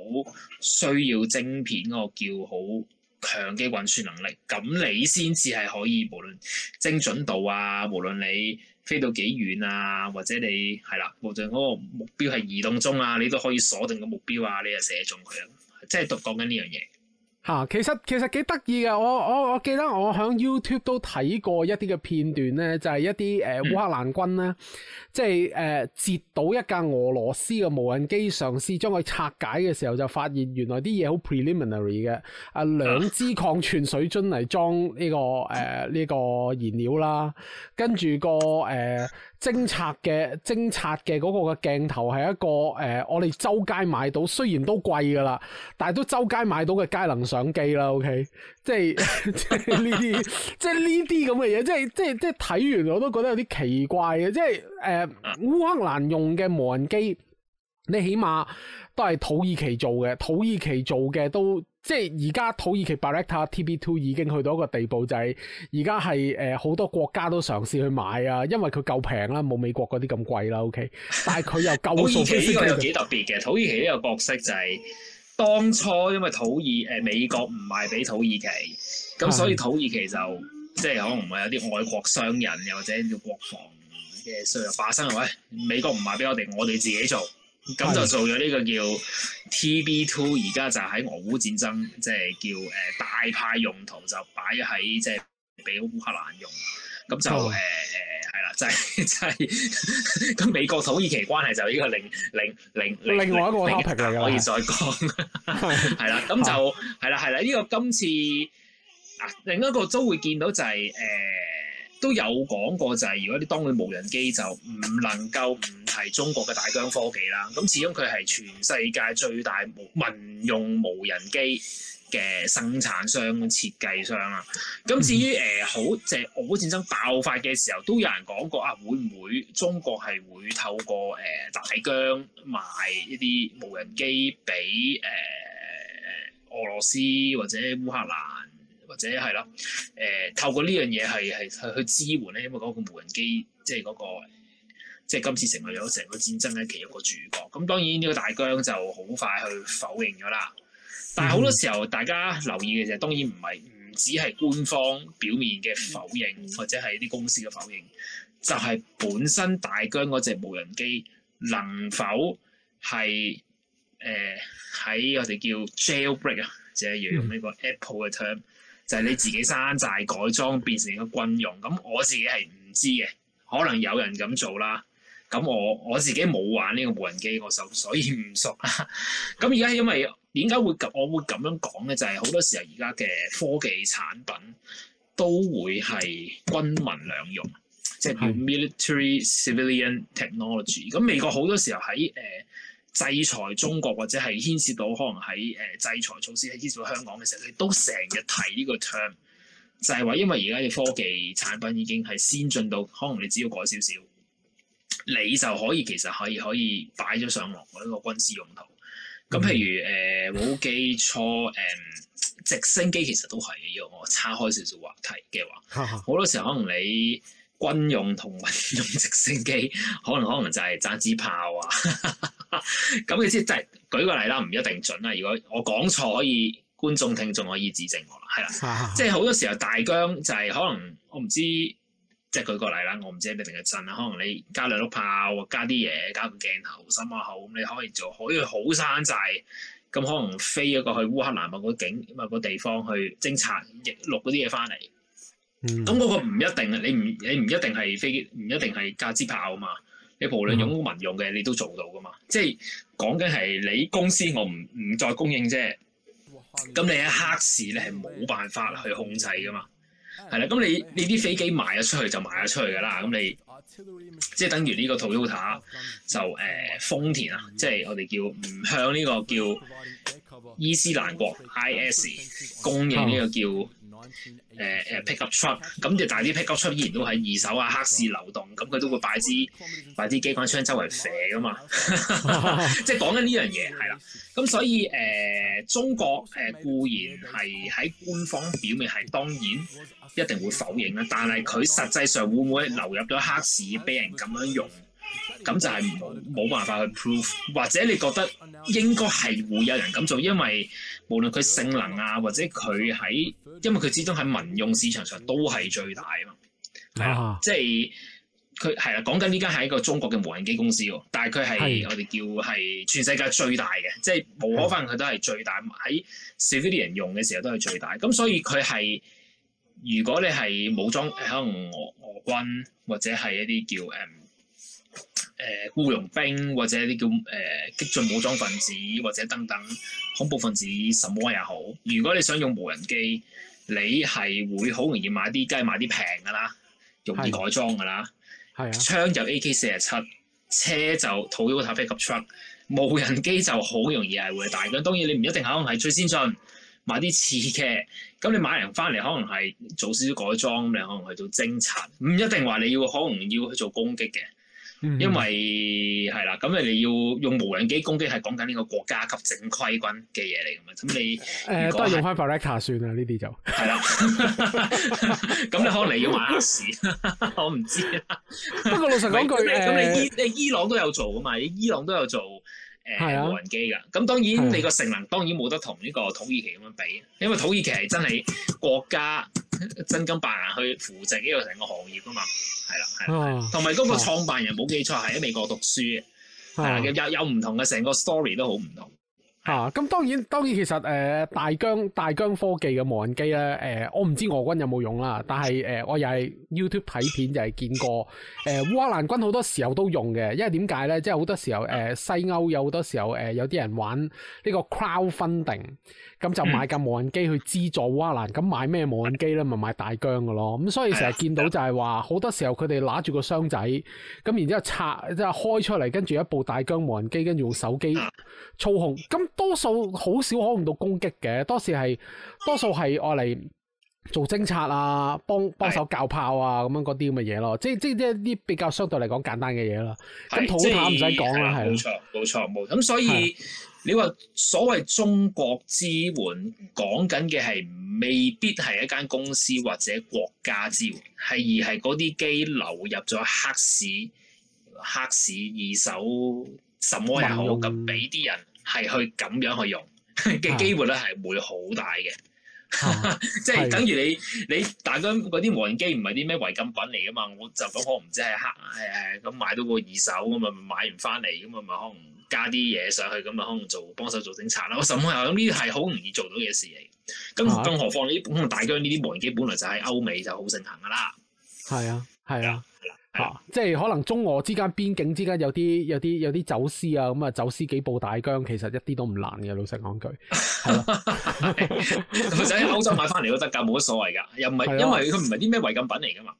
需要晶片嗰個叫好強嘅運算能力。咁你先至係可以無論精準度啊，無論你飛到幾遠啊，或者你係啦，無論嗰個目標係移動中啊，你都可以鎖定個目標啊，你就射中佢啊，即係講緊呢樣嘢。吓，其實其實幾得意嘅，我我我記得我響 YouTube 都睇過一啲嘅片段咧，就係、是、一啲誒烏克蘭軍咧，即係誒、呃、截到一架俄羅斯嘅無人機，嘗試將佢拆解嘅時候，就發現原來啲嘢好 preliminary 嘅，啊兩支礦泉水樽嚟裝呢個誒呢、呃呢個燃料啦，跟住，嗰個誒偵、呃、察嘅偵察嘅個嘅鏡頭係一個誒、呃、我哋周街買到，雖然都貴噶啦，但係都周街買到嘅佳能。相機啦，OK，即係呢啲，即係呢啲咁嘅嘢，即係即係睇完我都覺得有啲奇怪嘅，即係誒烏克蘭用嘅無人機，你起碼都係土耳其做嘅，土耳其做嘅都即係而家土耳其 Bayraktar TB2 已經去到一個地步，就係而家係誒好多國家都嘗試去買啊，因為佢夠平啦，冇美國嗰啲咁貴啦，OK，但係佢又夠數。土耳其呢個又幾特別嘅，土耳其呢個角色就係、是。當初因為土耳其、呃、美國唔賣俾土耳其，咁所以土耳其就的即係可能唔係有啲外國商人，又或者叫國防嘅需要發生，話喂、欸、美國唔賣俾我哋，我哋自己做，咁就做咗呢個叫 TB2。而家就喺俄烏戰爭，即係叫誒、呃、大派用途，就擺喺即係俾烏克蘭用，咁就誒誒。的就係、是、就係、是、咁， *laughs* 美國土耳其關係就依個零零零零。零另外一個 topic 可以再講 *laughs* 是，係啦， *laughs* 咁就係啦，係啦。呢、這個今次啊，另一個都會見到就係、是、誒、呃、都有講過就係、是，如果啲當佢無人機就唔能夠唔提中國嘅大疆科技啦。咁始終佢係全世界最大民用無人機，嘅生產商、設計商啊，咁、嗯、至於誒、呃、好，即係俄烏戰爭爆發嘅時候，都有人講過啊，會唔會中國係會透過誒、呃、大疆賣一啲無人機俾誒、呃、俄羅斯或者烏克蘭或者係咯？誒、呃、透過呢樣嘢係係去支援咧，因為嗰個無人機即係嗰個即係、即係呢個即係、今次成為咗成個戰爭嘅其中一個主角。咁當然呢個大疆就好快去否認咗啦。但係好多時候，大家留意嘅就當然唔係唔止係官方表面嘅否認，或者係啲公司嘅否認，就係、是、本身大疆嗰隻無人機能否係誒喺我哋叫 jailbreak 啊，即係要用呢個 Apple 嘅 term，、嗯、就係你自己山寨改裝變成一個軍用。咁我自己係唔知嘅，可能有人咁做啦。咁我我自己冇玩呢個無人機個手，所以唔熟啊。咁而家因為點解會我會咁樣講咧？就係、是、好多時候而家嘅科技產品都會係軍民兩用，即係叫 military civilian technology。咁、嗯、美國好多時候喺誒、呃、制裁中國或者係牽涉到可能喺誒制裁措施，牽涉到香港嘅時候，佢都成日提呢個 term，就係話因為而家嘅科技產品已經係先進到可能你只要改少少。你就可以其實可以可以擺咗上我呢個軍事用途。咁譬如誒，冇記錯誒，直升機其實都係，要我岔開少少話題嘅話，好 *laughs* 多時候可能你軍用同民用直升機可，可能可能就係炸子炮啊。咁意思即係舉個例啦，唔一定準啦。如果我講錯，可以觀眾聽眾可以指正我啦。係啦，即係好多時候大疆就係可能我唔知。即係舉個例啦，我唔知你明唔明。定震啦，可能你加兩粒炮，加啲嘢，加個鏡頭，心啊好，你可以做，可以好山寨。咁可能飛一個去烏克蘭個景啊個地方去偵察，錄嗰啲嘢翻嚟。咁嗰、嗯、個唔一定，你唔你唔一定係飛，唔一定係架支炮嘛。你無論用民用嘅，你都做到噶嘛。嗯、即係講緊係你公司我，我唔唔再供應啫。咁哇你喺黑市咧係冇辦法去控制噶嘛。係啦，咁你你啲飛機賣咗出去就賣咗出去㗎啦，咁你即係等於呢個 Toyota 就誒豐田啊，即係、呃、我哋叫唔向呢個叫伊斯蘭國 IS 供應呢個叫。誒誒、呃，pickup truck，咁就大啲 pickup truck 依然都係二手啊，黑市流動，咁佢都會擺支擺支機關槍周圍射噶嘛，即係講緊呢樣嘢係啦。咁所以誒、呃，中國誒固然係喺官方表明係當然一定會否認啦，但係佢實際上會唔會流入咗黑市俾人咁樣用？咁就係冇冇辦法去 prove，或者你覺得應該係會有人咁做，因為？無論佢性能啊，或者佢喺，因為佢始終喺民用市場上都係最大啊哈，係啊，即係佢係啊，講緊呢間係一個中國嘅無人機公司喎，但係佢係我哋叫係全世界最大嘅，即係無可否認佢都係最大喺是 civilian 用嘅時候都係最大。咁所以佢係如果你係武裝可能俄俄軍或者係一啲叫誒。誒，雇傭、呃、兵或者啲叫誒、呃、激進武裝分子或者等等恐怖分子，什麼也好。如果你想用無人機，你係會好容易買啲雞買啲平噶啦，容易改裝噶啦。係槍就 AK 四十七，車就土腰塔皮及 truck，無人機就好容易係會大嘅。當然你唔一定可能係最先進，買啲次嘅。咁你買人翻嚟可能係做少少改裝，你可能去到偵察，唔一定話你要可能要去做攻擊嘅。因為係啦，咁你要用無人機攻擊係講緊呢個國家級正規軍嘅嘢嚟噶嘛？咁 *laughs* 你誒、呃、都係用開 Falcon 算啦，呢啲就係啦。咁你 *laughs* *laughs* 可能嚟咗嘛事， *laughs* 我唔知啦。不過老實講句咁你伊朗都有做噶嘛？你伊朗都有做誒無人機噶。咁的當然你個性能當然冇得同呢個土耳其咁樣比，因為土耳其係真係國家真金白銀去扶植呢個成個行業噶嘛。係啦，係，同埋嗰個創辦人冇記錯係喺美國讀書嘅，係啦、啊，有有唔同嘅，成個 story 都好唔同。啊，咁當然，當然其實誒、呃、大疆大疆科技嘅無人機咧，誒、呃、我唔知俄軍有冇用啦，但係誒、呃、我又係 YouTube 睇片就係見過，誒、呃、烏克蘭軍好多時候都用嘅，因為點解咧？即係好多時候誒、呃、西歐有好多時候誒、呃、有啲人玩呢個 crowdfunding。咁就買架無人機去資助。烏蘭，咁買咩無人機咧？咪買大疆嘅咯。咁所以成日見到就係話，好的多時候佢哋攞住個箱仔，咁然之後拆即係開出嚟，跟住一部大疆無人機，跟住用手機操控。咁多數好少可用到攻擊嘅，多時係多數係用嚟做偵察啊，幫幫手校炮啊，咁樣嗰啲咁嘅嘢咯。即即即啲比較相對嚟講簡單嘅嘢啦。咁的土炮唔使講啦，冇錯冇了錯冇。咁所以。你話所謂中國支援，講緊嘅係未必係一間公司或者國家支援，係而係嗰啲機流入咗黑市，黑市二手，什麼也好，咁俾啲人係去咁樣去用嘅機會咧，係會好大嘅。 *laughs* *laughs* 啊、 *laughs* 即係等於你的你大疆嗰啲無人機唔係啲咩違禁品嚟噶嘛？我就咁可能唔知係黑係係咁買到個二手咁啊，買唔翻嚟咁啊，咪可能加啲嘢上去咁啊，可能做幫手做偵察啦。我甚至諗呢啲係好容易做到嘅事嚟。咁更何況啲大疆呢啲無人機本來就喺歐美就好盛行噶啦。係啊，係啊。啊、即係可能中俄之間邊境之間有啲有啲有啲走私啊，咁、嗯、啊走私幾部大疆，其實一啲都唔難嘅。老實講句，係咯，就喺歐洲買翻嚟都得㗎，冇乜 *laughs* 所謂㗎。又唔係因為佢唔係啲咩違禁品嚟㗎嘛。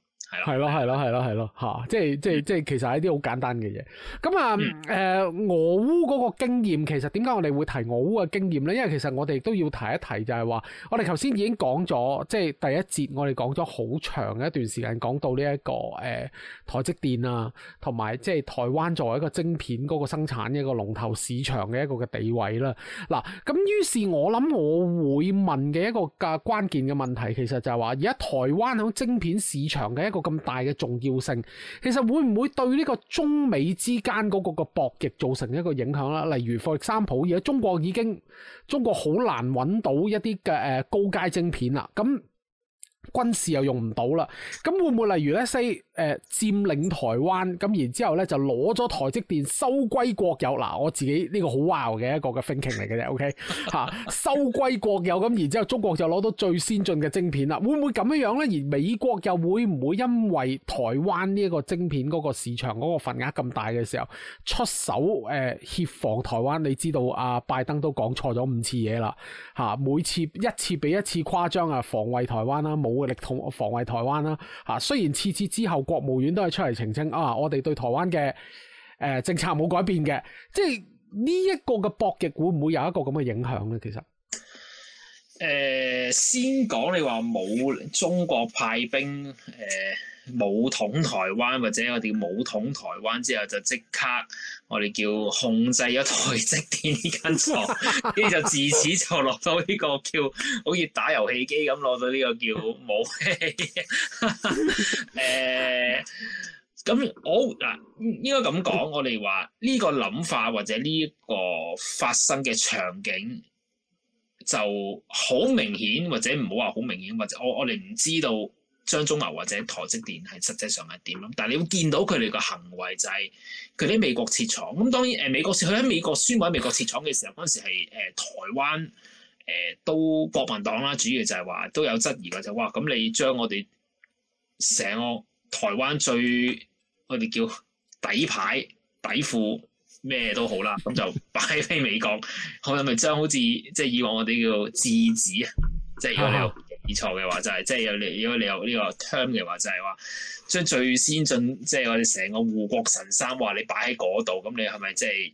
係咯係咯係咯係咯，吓，即係即係即係、呃，其實係啲好簡單嘅嘢。咁啊，誒，俄烏嗰個經驗，其實點解我哋會提俄烏嘅經驗咧？因為其實我哋都要提一提就，就係話我哋頭先已經講咗，即係第一節我哋講咗好長一段時間，這個，講到呢一個誒台積電啊，同埋即係台灣作為一個晶片嗰個生產一個龍頭市場嘅一個嘅地位啦。嗱，咁於是我諗我會問嘅一個嘅關鍵嘅問題，其實就係話而家台灣喺晶片市場嘅一個。咁大嘅重要性，其實會唔會對呢個中美之間嗰個個博弈造成一個影響啦？例如，霍力三普而家中國已經，中國好難揾到一啲嘅誒高階晶片啦。咁軍事又用唔到啦，咁會唔會例如咧西誒佔領台灣咁，然之後咧就攞咗台積電收歸國有嗱、啊，我自己呢、這個好 wow 嘅一個嘅 thinking 嚟嘅啫，OK 吓、啊、收歸國有咁，然之後中國就攞到最先進嘅晶片啦，會唔會咁樣樣咧？而美國又會唔會因為台灣呢一個晶片嗰個市場嗰個份額咁大嘅時候出手誒協、呃、防台灣？你知道阿、啊、拜登都講錯咗五次嘢啦，吓、啊、每次一次比一次誇張啊，防衛台灣啦。冇力同防衛台灣啦，吓，雖然次次之後國務院都係出嚟澄清啊，我哋對台灣嘅誒政策冇改變嘅，即係呢一個嘅博弈會唔會有一個咁嘅影響咧？其實誒、呃，先講你話冇中國派兵誒。呃武統台灣或者我哋叫武統台灣之後，就即刻我哋叫控制咗台積電呢間廠，跟住就自此就落到呢個叫好似打遊戲機咁攞到呢個叫武器誒咁、 *laughs* 呃、我嗱應該咁講，我哋話呢個諗法或者呢個發生嘅場景就好明顯，或者唔好話好明顯，或者我我哋唔知道。張忠謀或者台積電係實際上係點咯？但係你會見到佢哋嘅行為就係佢喺美國設廠。咁當然誒，美國佢喺美國宣喺美國設廠嘅時候，嗰陣時係台灣誒都國民黨啦，主要就係話都有質疑嘅就哇，咁你將我哋成個台灣最我哋叫底牌底褲咩都好啦，咁就擺喺美國，係咪 *laughs* 將好似即係以往我哋叫質子」？啊？即係而嘅話就係、是，即係如果你如果你有呢個 term 嘅話就，就係話將最先進，即、就、係、是、我哋成個護國神山，話你擺喺嗰度。咁你係咪即係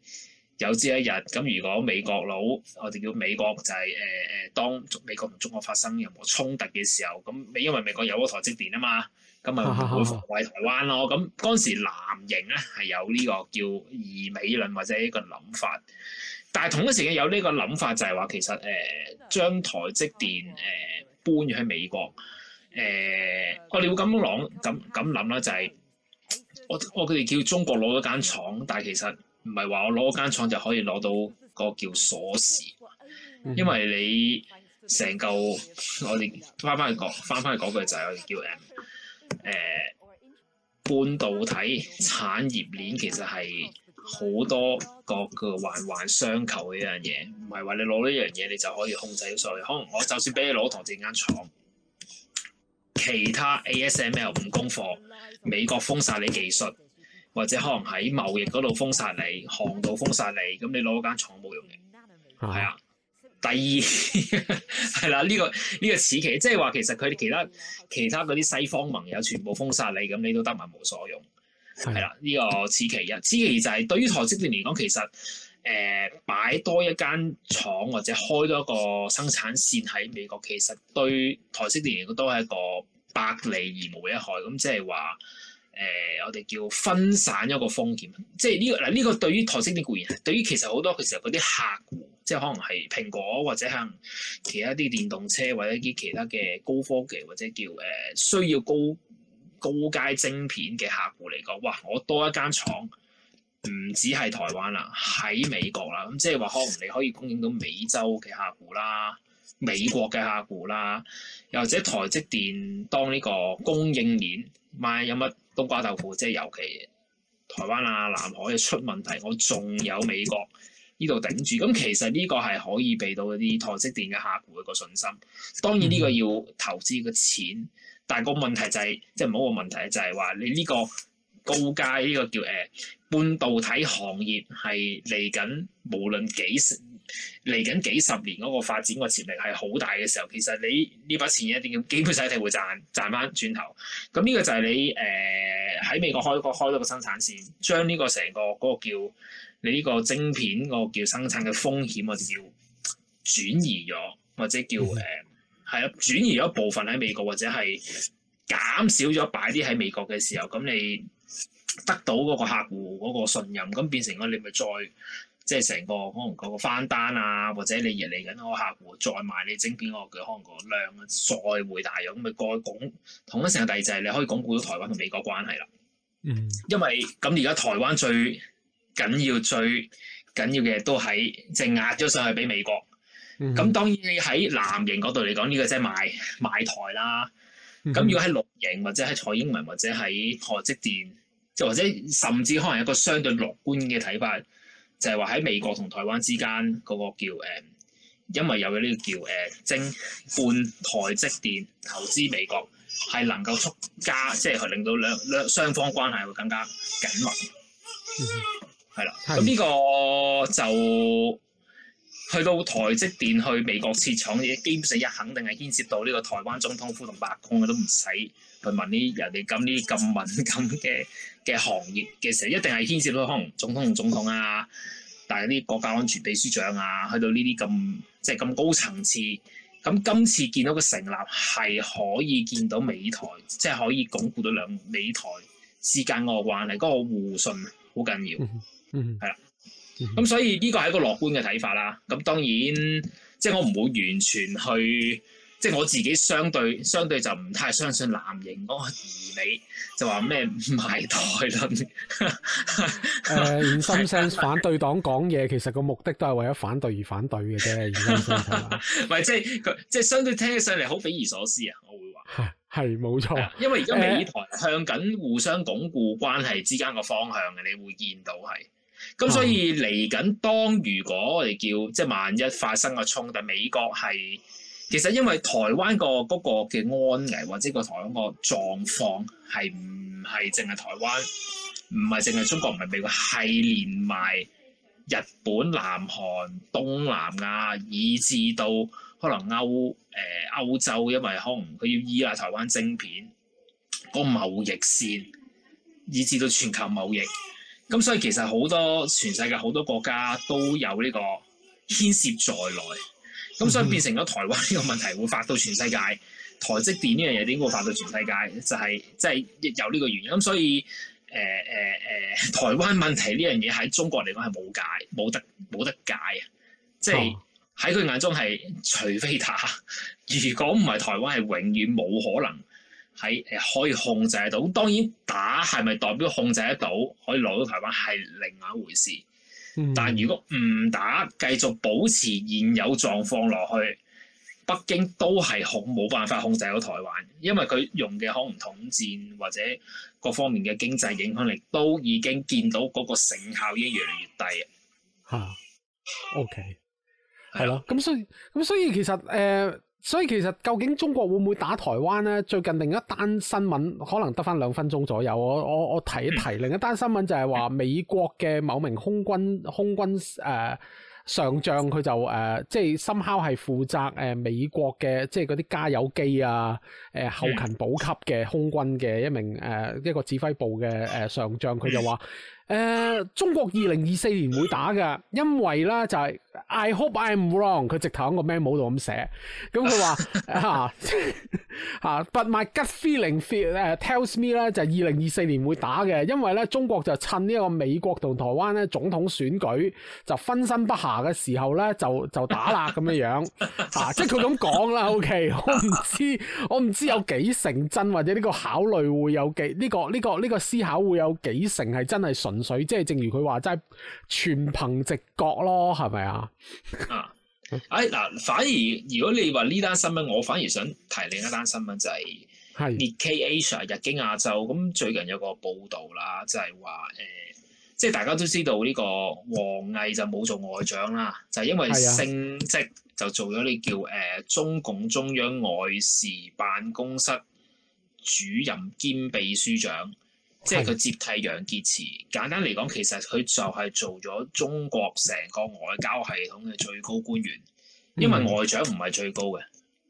有朝一日咁，如果美國佬，我哋叫美國、就是，就係誒誒，當美國同中國發生任何衝突嘅時候，咁因為美國有嗰台積電啊嘛，咁咪唔會防衞台灣咯。咁嗰 *laughs* 時南營咧係有呢個叫二美論或者呢個諗法，但係同一時間有呢個諗法就，就係話其實誒、呃、將台積電誒。呃搬咗喺美國，誒、呃，我哋會咁樣諗，咁咁諗啦，就係、是、我我佢哋叫中國攞咗間廠，但係其實唔係話我攞咗間廠就可以攞到個叫鎖匙，因為你成嚿、嗯、 *laughs* 我哋翻返去講翻返去嗰句就係我哋叫誒誒、呃、半導體產業鏈其實係，好多各個，個環環相扣嘅一樣嘢，唔係話你攞呢樣嘢你就可以控制到所有。可能我就算俾你攞台積間廠，其他 ASML 唔供貨，美國封殺你技術，或者可能喺貿易嗰度封殺你，航道封殺你，咁你攞間廠冇用嘅。係啊，第二係啦，呢、 *laughs* 呢個呢、呢個此期，即係話其實佢哋其他其他嗰啲西方盟友全部封殺你，咁你都得埋冇所用。係啦，呢、這個此其一，此其二就係對於台積電嚟講，其實誒擺、呃、多一間廠或者開多一個生產線喺美國，其實對台積電嚟講都係一個百利而無一害。咁即係話誒，我哋叫分散一個風險。即係、這、呢個嗱，呢、這個對於台積電固然係，對於其實好多其實嗰啲客戶，即係可能係蘋果或者可能其他啲電動車或者啲其他嘅高科技或者叫誒、呃、需要高。高階晶片嘅客戶嚟講，哇！我多一間廠，唔止係台灣啦，喺美國啦，咁即係話可能你可以供應到美洲嘅客戶啦、美國嘅客戶啦，又或者台積電當呢個供應鏈，買有乜冬瓜豆腐，即係尤其台灣啊、南海嘅出問題，我仲有美國呢度頂住。咁其實呢個係可以俾到一啲台積電嘅客戶一個信心。當然呢個要投資個錢。但個問題就係、是，即係唔好個問題就係話，你呢個高階呢個叫誒半導體行業係，嚟緊，無論幾十嚟緊幾十年嗰個發展個潛力係好大嘅時候，其實你呢把錢一定要基本上一定會賺賺翻轉頭。咁呢個就係你誒喺、呃、美國開個開咗個生產線，將呢個成個嗰個叫你呢個晶片嗰個叫生產嘅風險或者叫轉移咗，或者叫誒。係啊，轉移咗部分喺美國，或者係減少咗擺啲喺美國嘅時候，咁你得到嗰個客戶嗰個信任，咁變成我你咪再即係成個可能個翻單啊，或者你入嚟緊個客戶再賣你整片、嗰個佢可能個量再回大咁咪再鞏統一成個，第二就係你可以鞏固咗台灣同美國關係啦。嗯，因為咁而家台灣最緊要最緊要嘅都喺即係壓咗上去俾美國。咁、嗯、當然你喺藍營嗰度嚟講呢個即係賣賣台啦，咁、嗯、哼如果喺綠營或者喺蔡英文或者喺台積電，即或者甚至可能有個相對樂觀嘅睇法，就係話喺美國同台灣之間嗰、那個叫誒、呃，因為有呢個叫誒正、呃、半台積電投資美國，係能夠促加即係令到兩兩雙方關係會更加緊密，係、嗯、哼啦。咁呢、嗯、哼個就～去到台積電去美國設廠嘅，基本上一肯定係牽涉到呢個台灣總統府同白宮，都唔使去問呢人哋咁呢，咁敏感嘅嘅行業嘅時候，一定係牽涉到可能總統同總統啊，但係啲國家安全秘書長啊，去到呢啲咁即係咁高層次，咁今次見到個成立係可以見到美台，即係可以鞏固到兩美台之間外掛，係嗰個互信好緊要，係啦。咁 *music* 所以呢個係一個樂觀嘅睇法啦。咁當然，即係我唔會完全去，即係我自己相對相對就唔太相信藍營嗰個疑美，就話咩賣台論。誒、 *laughs* 呃，in some sense *laughs* 反對黨講嘢，其實個目的都係為咗反對而反對嘅啫。in some sense 唔係即係佢即係相對聽起上嚟好匪夷所思啊！我會話係係冇錯，因為而家美台、呃、向緊互相鞏固關係之間個方向嘅，你會見到係。咁、嗯、所以嚟緊，當如果我哋叫即係萬一發生個衝突，美國係其實因為台灣個嗰個嘅安危或者個台灣個狀況係唔係淨係台灣，唔係淨係中國，唔係美國，係連埋日本、南韓、東南亞，以至到可能歐誒、呃、歐洲，因為可能佢要依賴台灣晶片、個貿易線，以至到全球貿易。咁所以其實好多全世界好多國家都有呢個牽涉在內，咁所以變成咗台灣呢個問題會發到全世界，台積電呢樣嘢點會發到全世界？就係即係有呢個原因。咁所以誒誒誒，台灣問題呢樣嘢喺中國嚟講係冇解，冇得冇得解啊！即係喺佢眼中係除非打，如果唔係台灣係永遠冇可能。喺誒可以控制到，咁當然打係咪代表控制得到，可以攞到台灣係另一回事。但如果唔打，繼續保持現有狀況落去，北京都係控冇辦法控制到台灣，因為佢用嘅可能統戰或者各方面嘅經濟影響力，都已經見到嗰個成效已經越嚟越低啊。OK，係咯。咁所以咁所以其實誒。呃所以其實究竟中國會唔會打台灣呢？最近另一單新聞可能得返兩分鐘左右，我我我提一提另一單新聞就係話美國嘅某名空軍空軍誒、呃、上將，佢就誒即係深敲係負責誒、呃、美國嘅即係嗰啲加油機啊誒、呃、後勤補給嘅空軍嘅一名誒、呃、一個指揮部嘅誒、呃、上將，佢就話。誒、呃，中國二零二四年會打嘅，因為咧就係、是、I hope I am wrong，佢直頭喺個 memo 度咁寫，咁佢話吓吓，but my gut feeling feel tells me 咧就係二零二四年會打嘅，因為咧中國就趁呢個美國同台灣咧總統選舉就分身不暇嘅時候咧就就打啦咁樣樣，吓、 *laughs* 啊，即係佢咁講啦，OK，我唔知我唔知有幾成真，或者呢個考慮會有幾呢、這個呢、這個呢、這個思考會有幾成係真係純。純即係，正如佢話，即係全憑直覺咯，係咪 *laughs* 啊？啊，哎嗱，反而如果你話呢單新聞，我反而想提另一單新聞，就係、是《Nikkei Asia》日經亞洲咁最近有個報道啦，就係話誒，即係大家都知道呢個王毅就冇做外長啦，就係、是、因為升職就做咗呢叫誒中共中央外事辦公室主任兼秘書長。即係佢接替楊潔篪，簡單嚟講，其實佢就係做咗中國成個外交系統嘅最高官員，因為外長唔係最高嘅，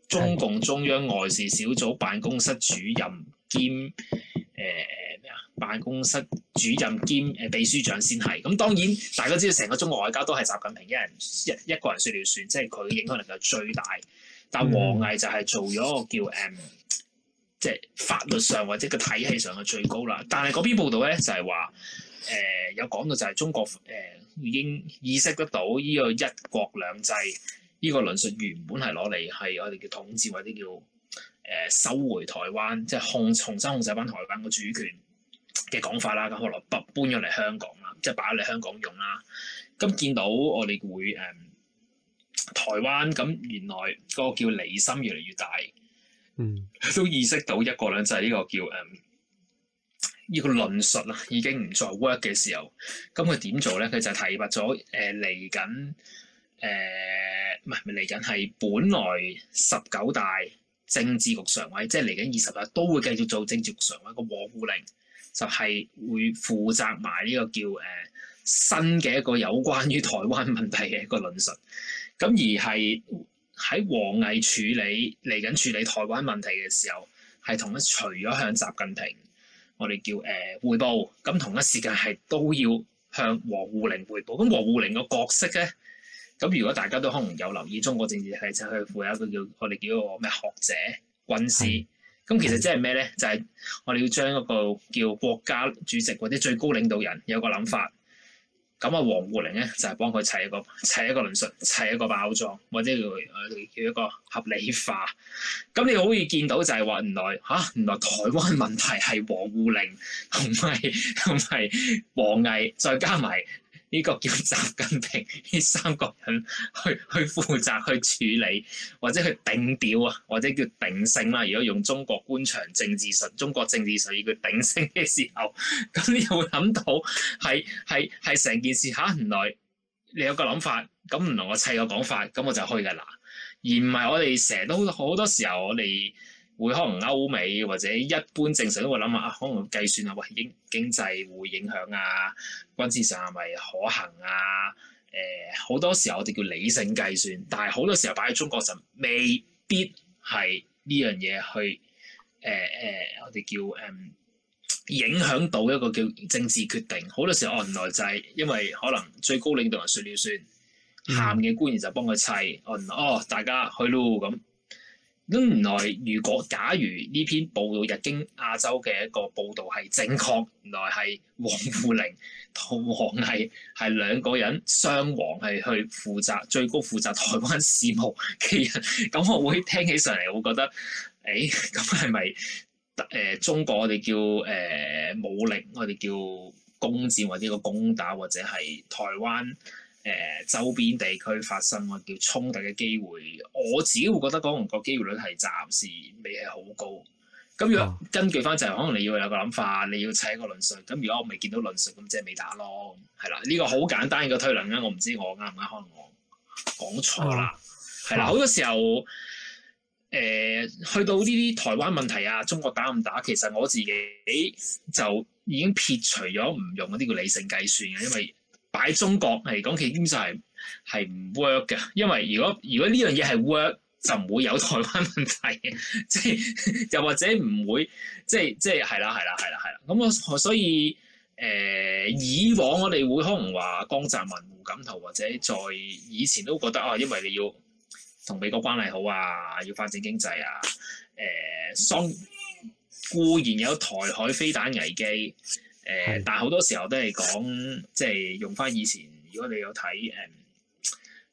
中共中央外事小組辦公室主任兼誒咩啊？辦公室主任兼誒秘書長先係。咁當然大家知道，成個中國外交都係習近平一人一一個人説了算，即係佢影響力就最大。但王毅就係做咗個叫 M。即係法律上或者個體系上嘅最高啦，但係嗰篇報道咧就係、是、話，誒、呃、有講到就係中國誒、呃、已經意識得到呢個一國兩制呢個論述原本係攞嚟係我哋叫統治或者叫誒、呃、收回台灣，即係控重新控制翻台灣嘅主權嘅講法啦。咁後來不搬咗嚟香港啦，即係擺咗嚟香港用啦。咁見到我哋會誒、呃、台灣咁原來嗰個叫離心越嚟越大。嗯，都意識到一國兩制呢個叫誒呢、嗯呢個論述啦，已經唔再 work 嘅時候，咁佢點做咧？佢就提拔咗誒嚟緊誒唔係唔係嚟緊係本來十九大政治局常委，即係嚟緊二十大都會繼續做政治局常委嘅王滬寧，就係、是、會負責埋呢個叫誒、呃、新嘅一個有關於台灣問題嘅一個論述，咁而係。喺王毅處理嚟緊處理台灣問題嘅時候，係同一除咗向習近平，我哋叫誒、呃、彙報，咁同一時間係都要向王滬寧彙報。咁王滬寧個角色咧，咁如果大家都可能有留意中國政治係就係負有一個叫我哋叫一個咩學者軍師，咁其實即係咩咧？就係、是、我哋要將一個叫國家主席或者最高領導人有個諗法。咁啊，王滬寧咧就係、是、幫佢砌一個砌一個論述，砌一個包裝，或者叫、呃、叫一個合理化。咁你好易見到就係話，原來嚇、啊、原來台灣問題係王滬寧同埋同埋王毅，再加埋。呢個叫習近平呢三個人去去負責去處理，或者去定調啊，或者叫定性啦。如果用中國官場政治術，中國政治術語叫定性嘅時候，咁你又會諗到係係係成件事嚇，原來你有個諗法，咁唔同我砌個講法，咁我就開噶啦，而唔係我哋成日都好多時候我哋。會可能歐美或者一般正常都會諗下啊，可能計算啊，喂，經經濟會影響啊，軍事上係咪可行啊？誒、呃，好多時候我哋叫理性計算，但係好多時候擺喺中國就未必係呢樣嘢去誒誒、呃，我哋叫誒、嗯、影響到一個叫政治決定。好多時候哦，原來就係因為可能最高領導人說了算，喊嘅官員就幫佢砌、嗯、哦，大家去咯咁。嗯哦咁原來如果假如呢篇報導，日經亞洲嘅一個報導係正確，原來係王滬寧同王毅係兩個人，雙王係去負責最高負責台灣事務嘅人，咁我會聽起上嚟會覺得，誒咁係咪誒中國我哋叫誒武力，我哋叫攻佔或者個攻打或者係台灣？誒、呃、周邊地區發生喎叫衝突嘅機會，我自己會覺得講個機會率係暫時未係好高。咁如果根據翻就係可能你要有個諗法，你要砌一個論述。咁如果我未見到論述，咁即係未打咯，係啦。呢、這個好簡單嘅推論啦。我唔知我啱唔啱，可能我講錯吧啦，係啦。好多時候誒、呃，去到呢啲台灣問題啊，中國打唔打？其實我自己就已經撇除咗唔用嗰啲叫理性計算嘅，因為。擺中國嚟講，其實係係唔 work 嘅，因為如果如果呢樣嘢係 work，就唔會有台灣問題，即係又或者唔會，即係即係係啦係啦係啦係啦。咁我所以誒、呃、以往我哋會可能話江澤民、胡錦濤或者再以前都覺得啊、哦，因為你要同美國關係好啊，要發展經濟啊，誒、呃，雙固然有台海飛彈危機。誒，嗯、但係好多時候都係講，即係用翻以前，如果你有睇誒《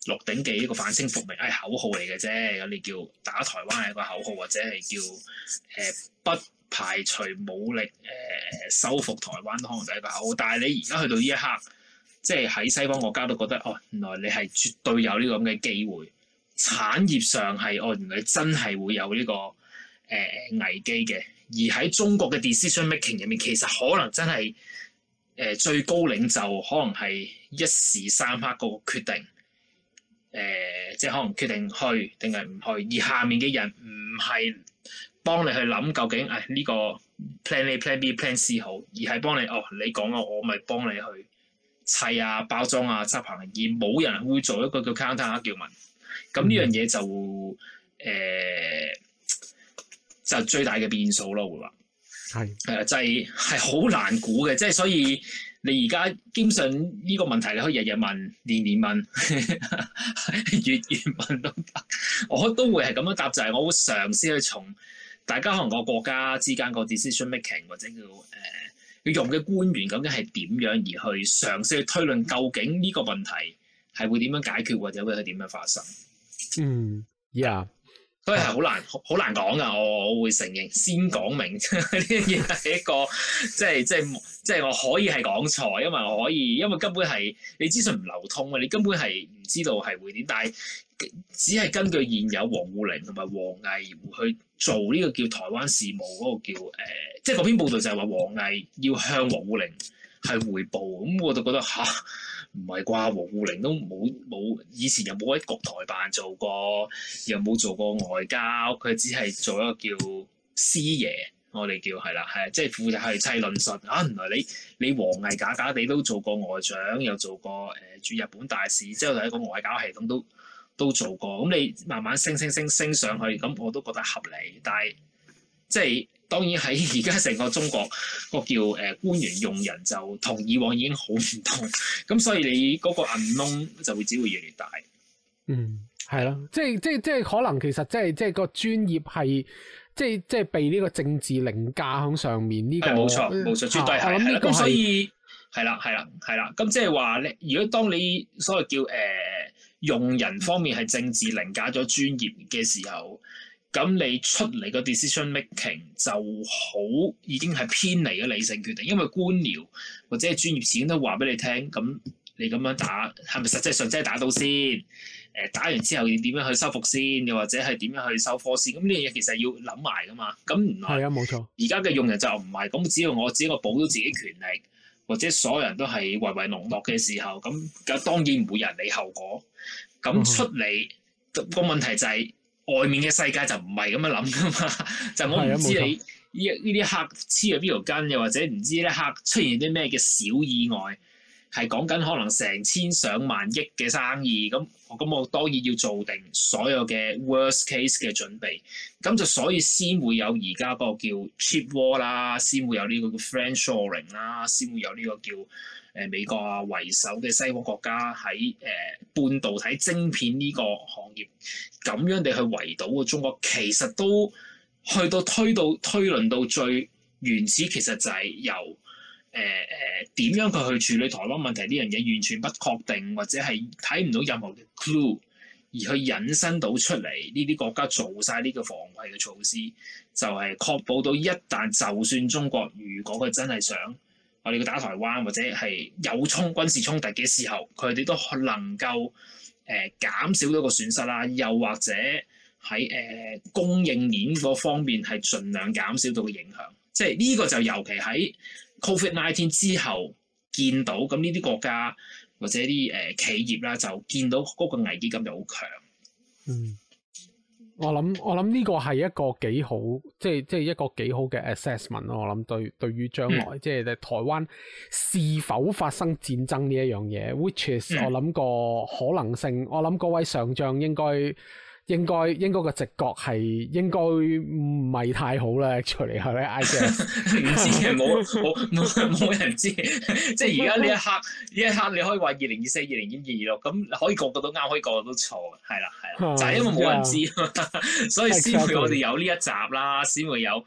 鹿、嗯、鼎記》呢個反清復明，係口號嚟嘅啫，你叫打台灣係個口號，或者係叫誒、呃、不排除武力誒、呃、收復台灣可能就係一個口號。但係你而家去到呢一刻，即係喺西方國家都覺得，哦，原來你係絕對有呢個咁嘅機會，產業上係哦，原來你真係會有呢、呢個誒、呃、危機嘅。而喺中國嘅 decision making 入面，其實可能真係誒、呃、最高領袖可能係一時三刻個決定，誒、呃、即係可能決定去定係唔去，而下面嘅人唔係幫你去諗究竟誒呢、哎呢個 plan A、plan B、plan C 好，而係幫你哦，你講啊，我咪幫你去砌啊、包裝啊、執行、啊，而冇人會做一個叫 counter argument，咁呢樣嘢就誒。呃嗯就最大嘅變數咯，會話係誒就係係好難估嘅，即係所以你而家堅信呢個問題，你可以日日問、年年問、月 *laughs* 月問都得，我都會係咁樣答，就係、是、我會嘗試去從大家可能個國家之間個 decision making 或者叫誒、呃、用嘅官員究竟係點樣而去嘗試去推論，究竟呢個問題係會點樣解決，或者會係點樣發生。嗯，yeah。所以係好難，好難講噶。我我會承認，先講明呢樣嘢係一個，即係即係即係我可以係講錯，因為我可以，因為根本係你資訊唔流通啊，你根本係唔知道係會點。但係只係根據現有王滬寧同埋王毅去做呢個叫台灣事務嗰個叫誒、呃，即係嗰篇報道就係話王毅要向王滬寧係匯報，咁我就覺得吓。啊唔係啩，王滬寧都冇冇以前又冇喺國台辦做過，又冇做過外交，佢只係做一個叫師爺，我哋叫係啦，係即係負責係砌論述啊。原來你你王毅假假地都做過外長，又做過誒、呃、駐日本大使，之後就喺個外交系統都都做過。咁你慢慢升升升升升上去，咁我都覺得合理，但係即係。當然喺而家成個中國個叫誒官員用人就同以往已經好唔同，咁所以你嗰個銀窿就會只會越嚟越大。嗯，係咯，即係即係即係可能其實即係即係個專業係即係即係被呢個政治凌駕喺上面，呢個冇錯冇錯絕對係，我諗呢個，係啦，咁所以係啦係啦係啦，咁即係話咧，如果當你所謂叫誒用人方面係政治凌駕咗專業嘅時候。咁你出嚟個 decision making 就好已經係偏離嘅理性決定，因為官僚或者係專業已經都話俾你聽，咁你咁樣打係咪實際上真係打到先？誒打完之後要點樣去修復先？又或者係點樣去收貨先？咁呢樣嘢其實要諗埋㗎嘛。咁原來啊，冇錯。而家嘅用人就唔係咁，只要我只係我保到自己權力，或者所有人都係唯唯諾諾嘅時候，咁咁當然唔會有人理後果。咁出嚟個問題就係、是。外面嘅世界就唔係咁樣諗噶嘛， *laughs* 就我唔知你呢呢啲客黐喺邊條筋，又或者唔知咧客出現啲咩嘅小意外，係講緊可能成千上萬億嘅生意咁。咁我當然要做定所有嘅 worst case 嘅準備。咁就所以先會有而家個叫 chip war 啦，先會有呢個叫 friend-shoring 啦，先會有呢個叫。誒美國啊為首嘅西方國,國家喺誒半導體晶片呢個行業咁樣地去圍堵個中國，其實都去到推到推論到最原始，其實就係由誒誒點樣佢去處理台灣問題呢樣嘢，完全不確定或者係睇唔到任何嘅 clue，而去引申到出嚟呢啲國家做晒呢個防衞嘅措施，就係、是、確保到一旦就算中國如果佢真係想。我哋要打台灣或者係有衝軍事衝突嘅時候，佢哋都能夠誒、呃、減少到個損失啦，又或者喺誒、呃、供應鏈嗰方面係盡量減少到個影響。即係呢個就尤其喺 COVID-19 之後見到，咁呢啲國家或者啲誒企業啦，就見到嗰個危機感就好強。嗯。我諗我諗呢個係一個幾好，即係即係一個幾好嘅 assessment 咯。我諗對對於將來，嗯、即係台灣是否發生戰爭呢一樣嘢，which is、嗯、我諗個可能性，我諗各位上將應該。應該應該個直覺係應該唔係太好咧，出嚟後咪 i、guess. s 唔 *laughs* 知嘅，冇冇冇冇人知，即係而家呢一刻呢 *laughs* 一刻你可以話二零二四、二零二二咯，咁可以個個都啱，可以個個都錯，係啦係啦，就係、嗯、因為冇人知，yeah, *laughs* 所以先會我哋有呢一集啦，exactly. 先會有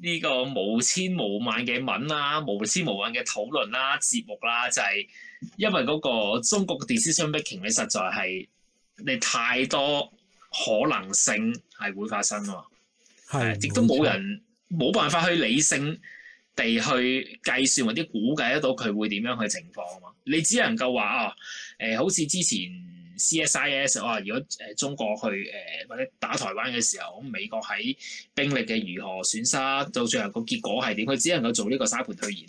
呢個無千無萬嘅文啦，無千無萬嘅討論啦、節目啦，就係、是、因為嗰個中國嘅 decision making 你實在係你太多。可能性係會發生啊嘛，係是，亦都冇人冇錯辦法去理性地去計算或者估計得到佢會點樣嘅情況啊嘛，你只能夠話啊，誒、呃、好似之前 CSIS 啊、哦，如果誒中國去誒或者打台灣嘅時候，咁美國喺兵力嘅如何損失，到最後個結果係點，佢只能夠做呢個沙盤推演。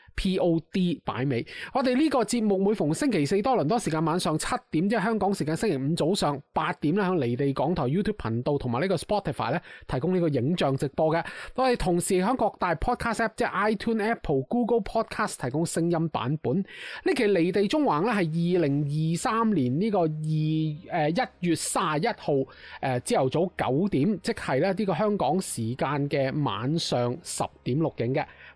P.O.D. 擺尾，我哋呢個節目每逢星期四多倫多時間晚上七點，即係香港時間星期五早上八點咧，喺離地港台 YouTube 頻道同埋呢個 Spotify 咧提供呢個影像直播嘅。我哋同時喺各大 Podcast app，即係 iTune、Apple、Google Podcasts, 提供聲音版本。呢期離地中環咧係二零二三年呢個二誒一月卅一號誒朝頭早九點，即係咧呢個香港時間嘅晚上十點錄影嘅。